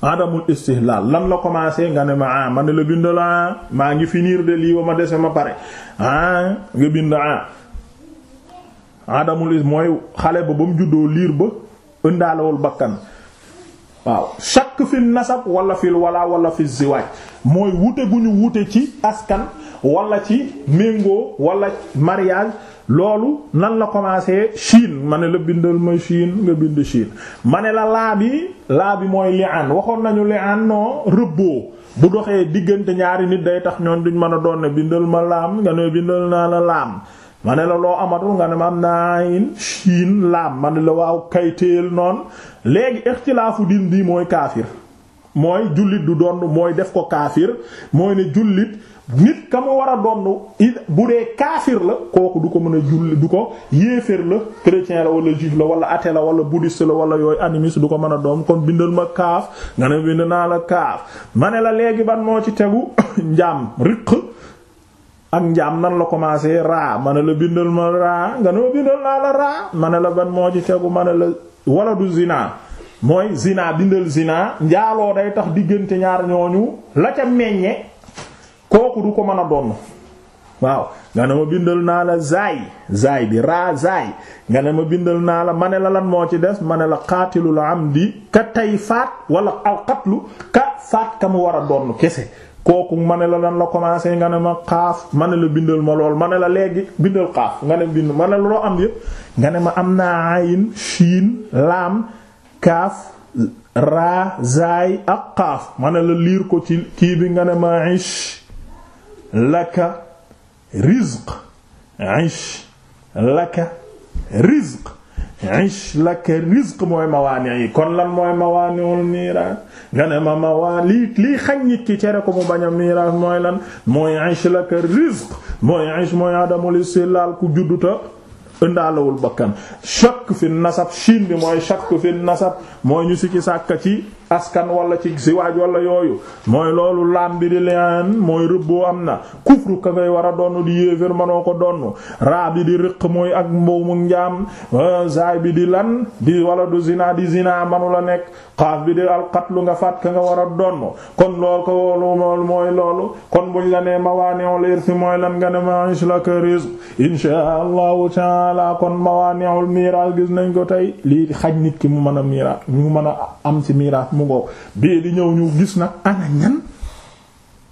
adamul istihlal lan la commencé nga ne ma ah ma ne la bind la ah, maa ngi finir de lii wa ma dese ma pare ah nga bind ah adamulis mooy xale ba ba mu juddoo liir ba ëndaalewul bakkan waaw shakk fi nasab wala fil wala wala fi ziwaaj mooy wute gu ñu wute ci askan walla ci méngoo walla mariage loolu nan la commencé Chine ma ne la bindal ma Chine nga bind Chine ma ne la laa bi laa bi mooy li'an waxoon nañu li'an noo rëbboo bu doxee diggante ñaari nit day tax ñoon duñ mën a doon ne bindal ma laam nga ne bindal naa la laam ma ne la loo amatu nga ne ma am naa ayin shiin laam ma ne la waaw kayteel noonu léegi ixtilaafu din bi mooy kaafir mooy jullit du donn mooy def ko kaafir mooy ne jullit nit ka mu war a donn bu dee kaafir la kooku du ko mën a julli du ko yéeféer la chrétien la wala juif la wala athée la wala bouddhiste la wala yooyu animiste du ko mën a doom kon bindal ma kaaf nga ne bind naa la kaaf ma ne la léegi ban moo ci tegu njaam riq ak njaam nan la commencé raa ma ne la bindal ma raa nga ne ma bindal naa la raa ma ne la ban moo ci tegu ma ne la waladu zinaa mooy zinaa bindal zinaa njaaloo day tax diggante ñaar ñooñu la ca meññe kooku du ko mën a donn waaw nga ne ma bindal naa la zaay zaay bi raa zaay nga ne ma bindal naa la ma ne la lan moo ci des ma ne la xaatilul amdi ka tey faat wala al ka faat ka mu war a donn kese kooku ma ne la lan la commencé nga ne ma xaaf ma ne la bindal ma lool ma ne la léegi bindal xaaf nga ne bind ma ne la loo am yëpp nga ne ma am naa ayin shiin laam kaaf raa zaay ak xaaf ma ne la liir ko ci kii bi nga ne ma ish laka rizq ish laka rizq ish mooy mawaani yi kon lan mooy mawaaniul miiraas nga ne ma mawaa lii lii xañ nit ki cere ko mu bañ a miiraas mooy lan mooy ish laka rizq mooy ish mooy adamul istilaal ku judduta ëndaalawul bakkan shakk fi nasab shin mooy shakk fi nasab mooy ñu si ci sàkka ci askan wala ci siwaaj wala yooyu mooy loolu laam bi di liaan mooy rëbboo am na kufru ka fay war a donn di yéefér manoo ko donn raa bi di rëq mooy ak mbow mu njaam zaay bi di lan di wala du zina di zina manu la nekk xaaf bi di alxatlu nga faat ka nga war a kon lool ko woolu loolu kon buñ la nee mawaani'ul irsi mooy lan nga ne ma'ish la ka rizq insha allahu taala kon mawaani'ul miraas gis nañ ko tey lii xaj nit ki mu mën a miraas mu mën a am ci miraas mu ngoo bee di ñëw ñu gis nag ana ñan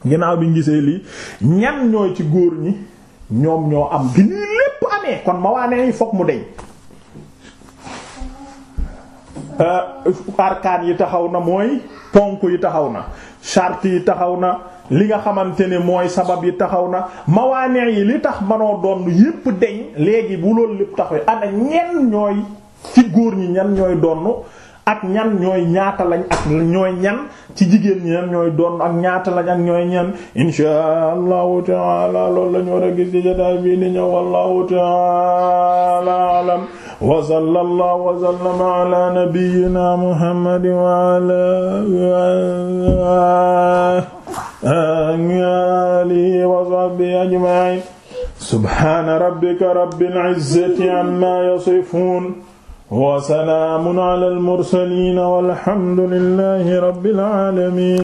ginnaaw bi ñu gisee lii ñan ñooy ci góor ñi ñoom ñoo am bi lépp amee kon ma waane yi fokk mu deñ euh, arkaan yi taxaw na mooy ponk yi taxaw na charte yi taxaw na li nga xamante ne mooy sabab yi taxaw na mawaane yi li tax manoo doon yépp deñ léegi bu loolu lépp taxawee ana ñen ñooy ci góor ñi ñan ñooy donn ak ñan ñooy ñaata lañ ak ci jigéen ñi ñan ñooy ak ñaata lañ ak ñooy ñan insha taala loolu lañu war a gis ci jotaay bii taala alam wa sallallahu wa sallama wa ala alihi wa sahbihi ajma'in subhana amma yasifun wa salaamun ala al mursaliin walhamdu lillahi rabbil aalamiin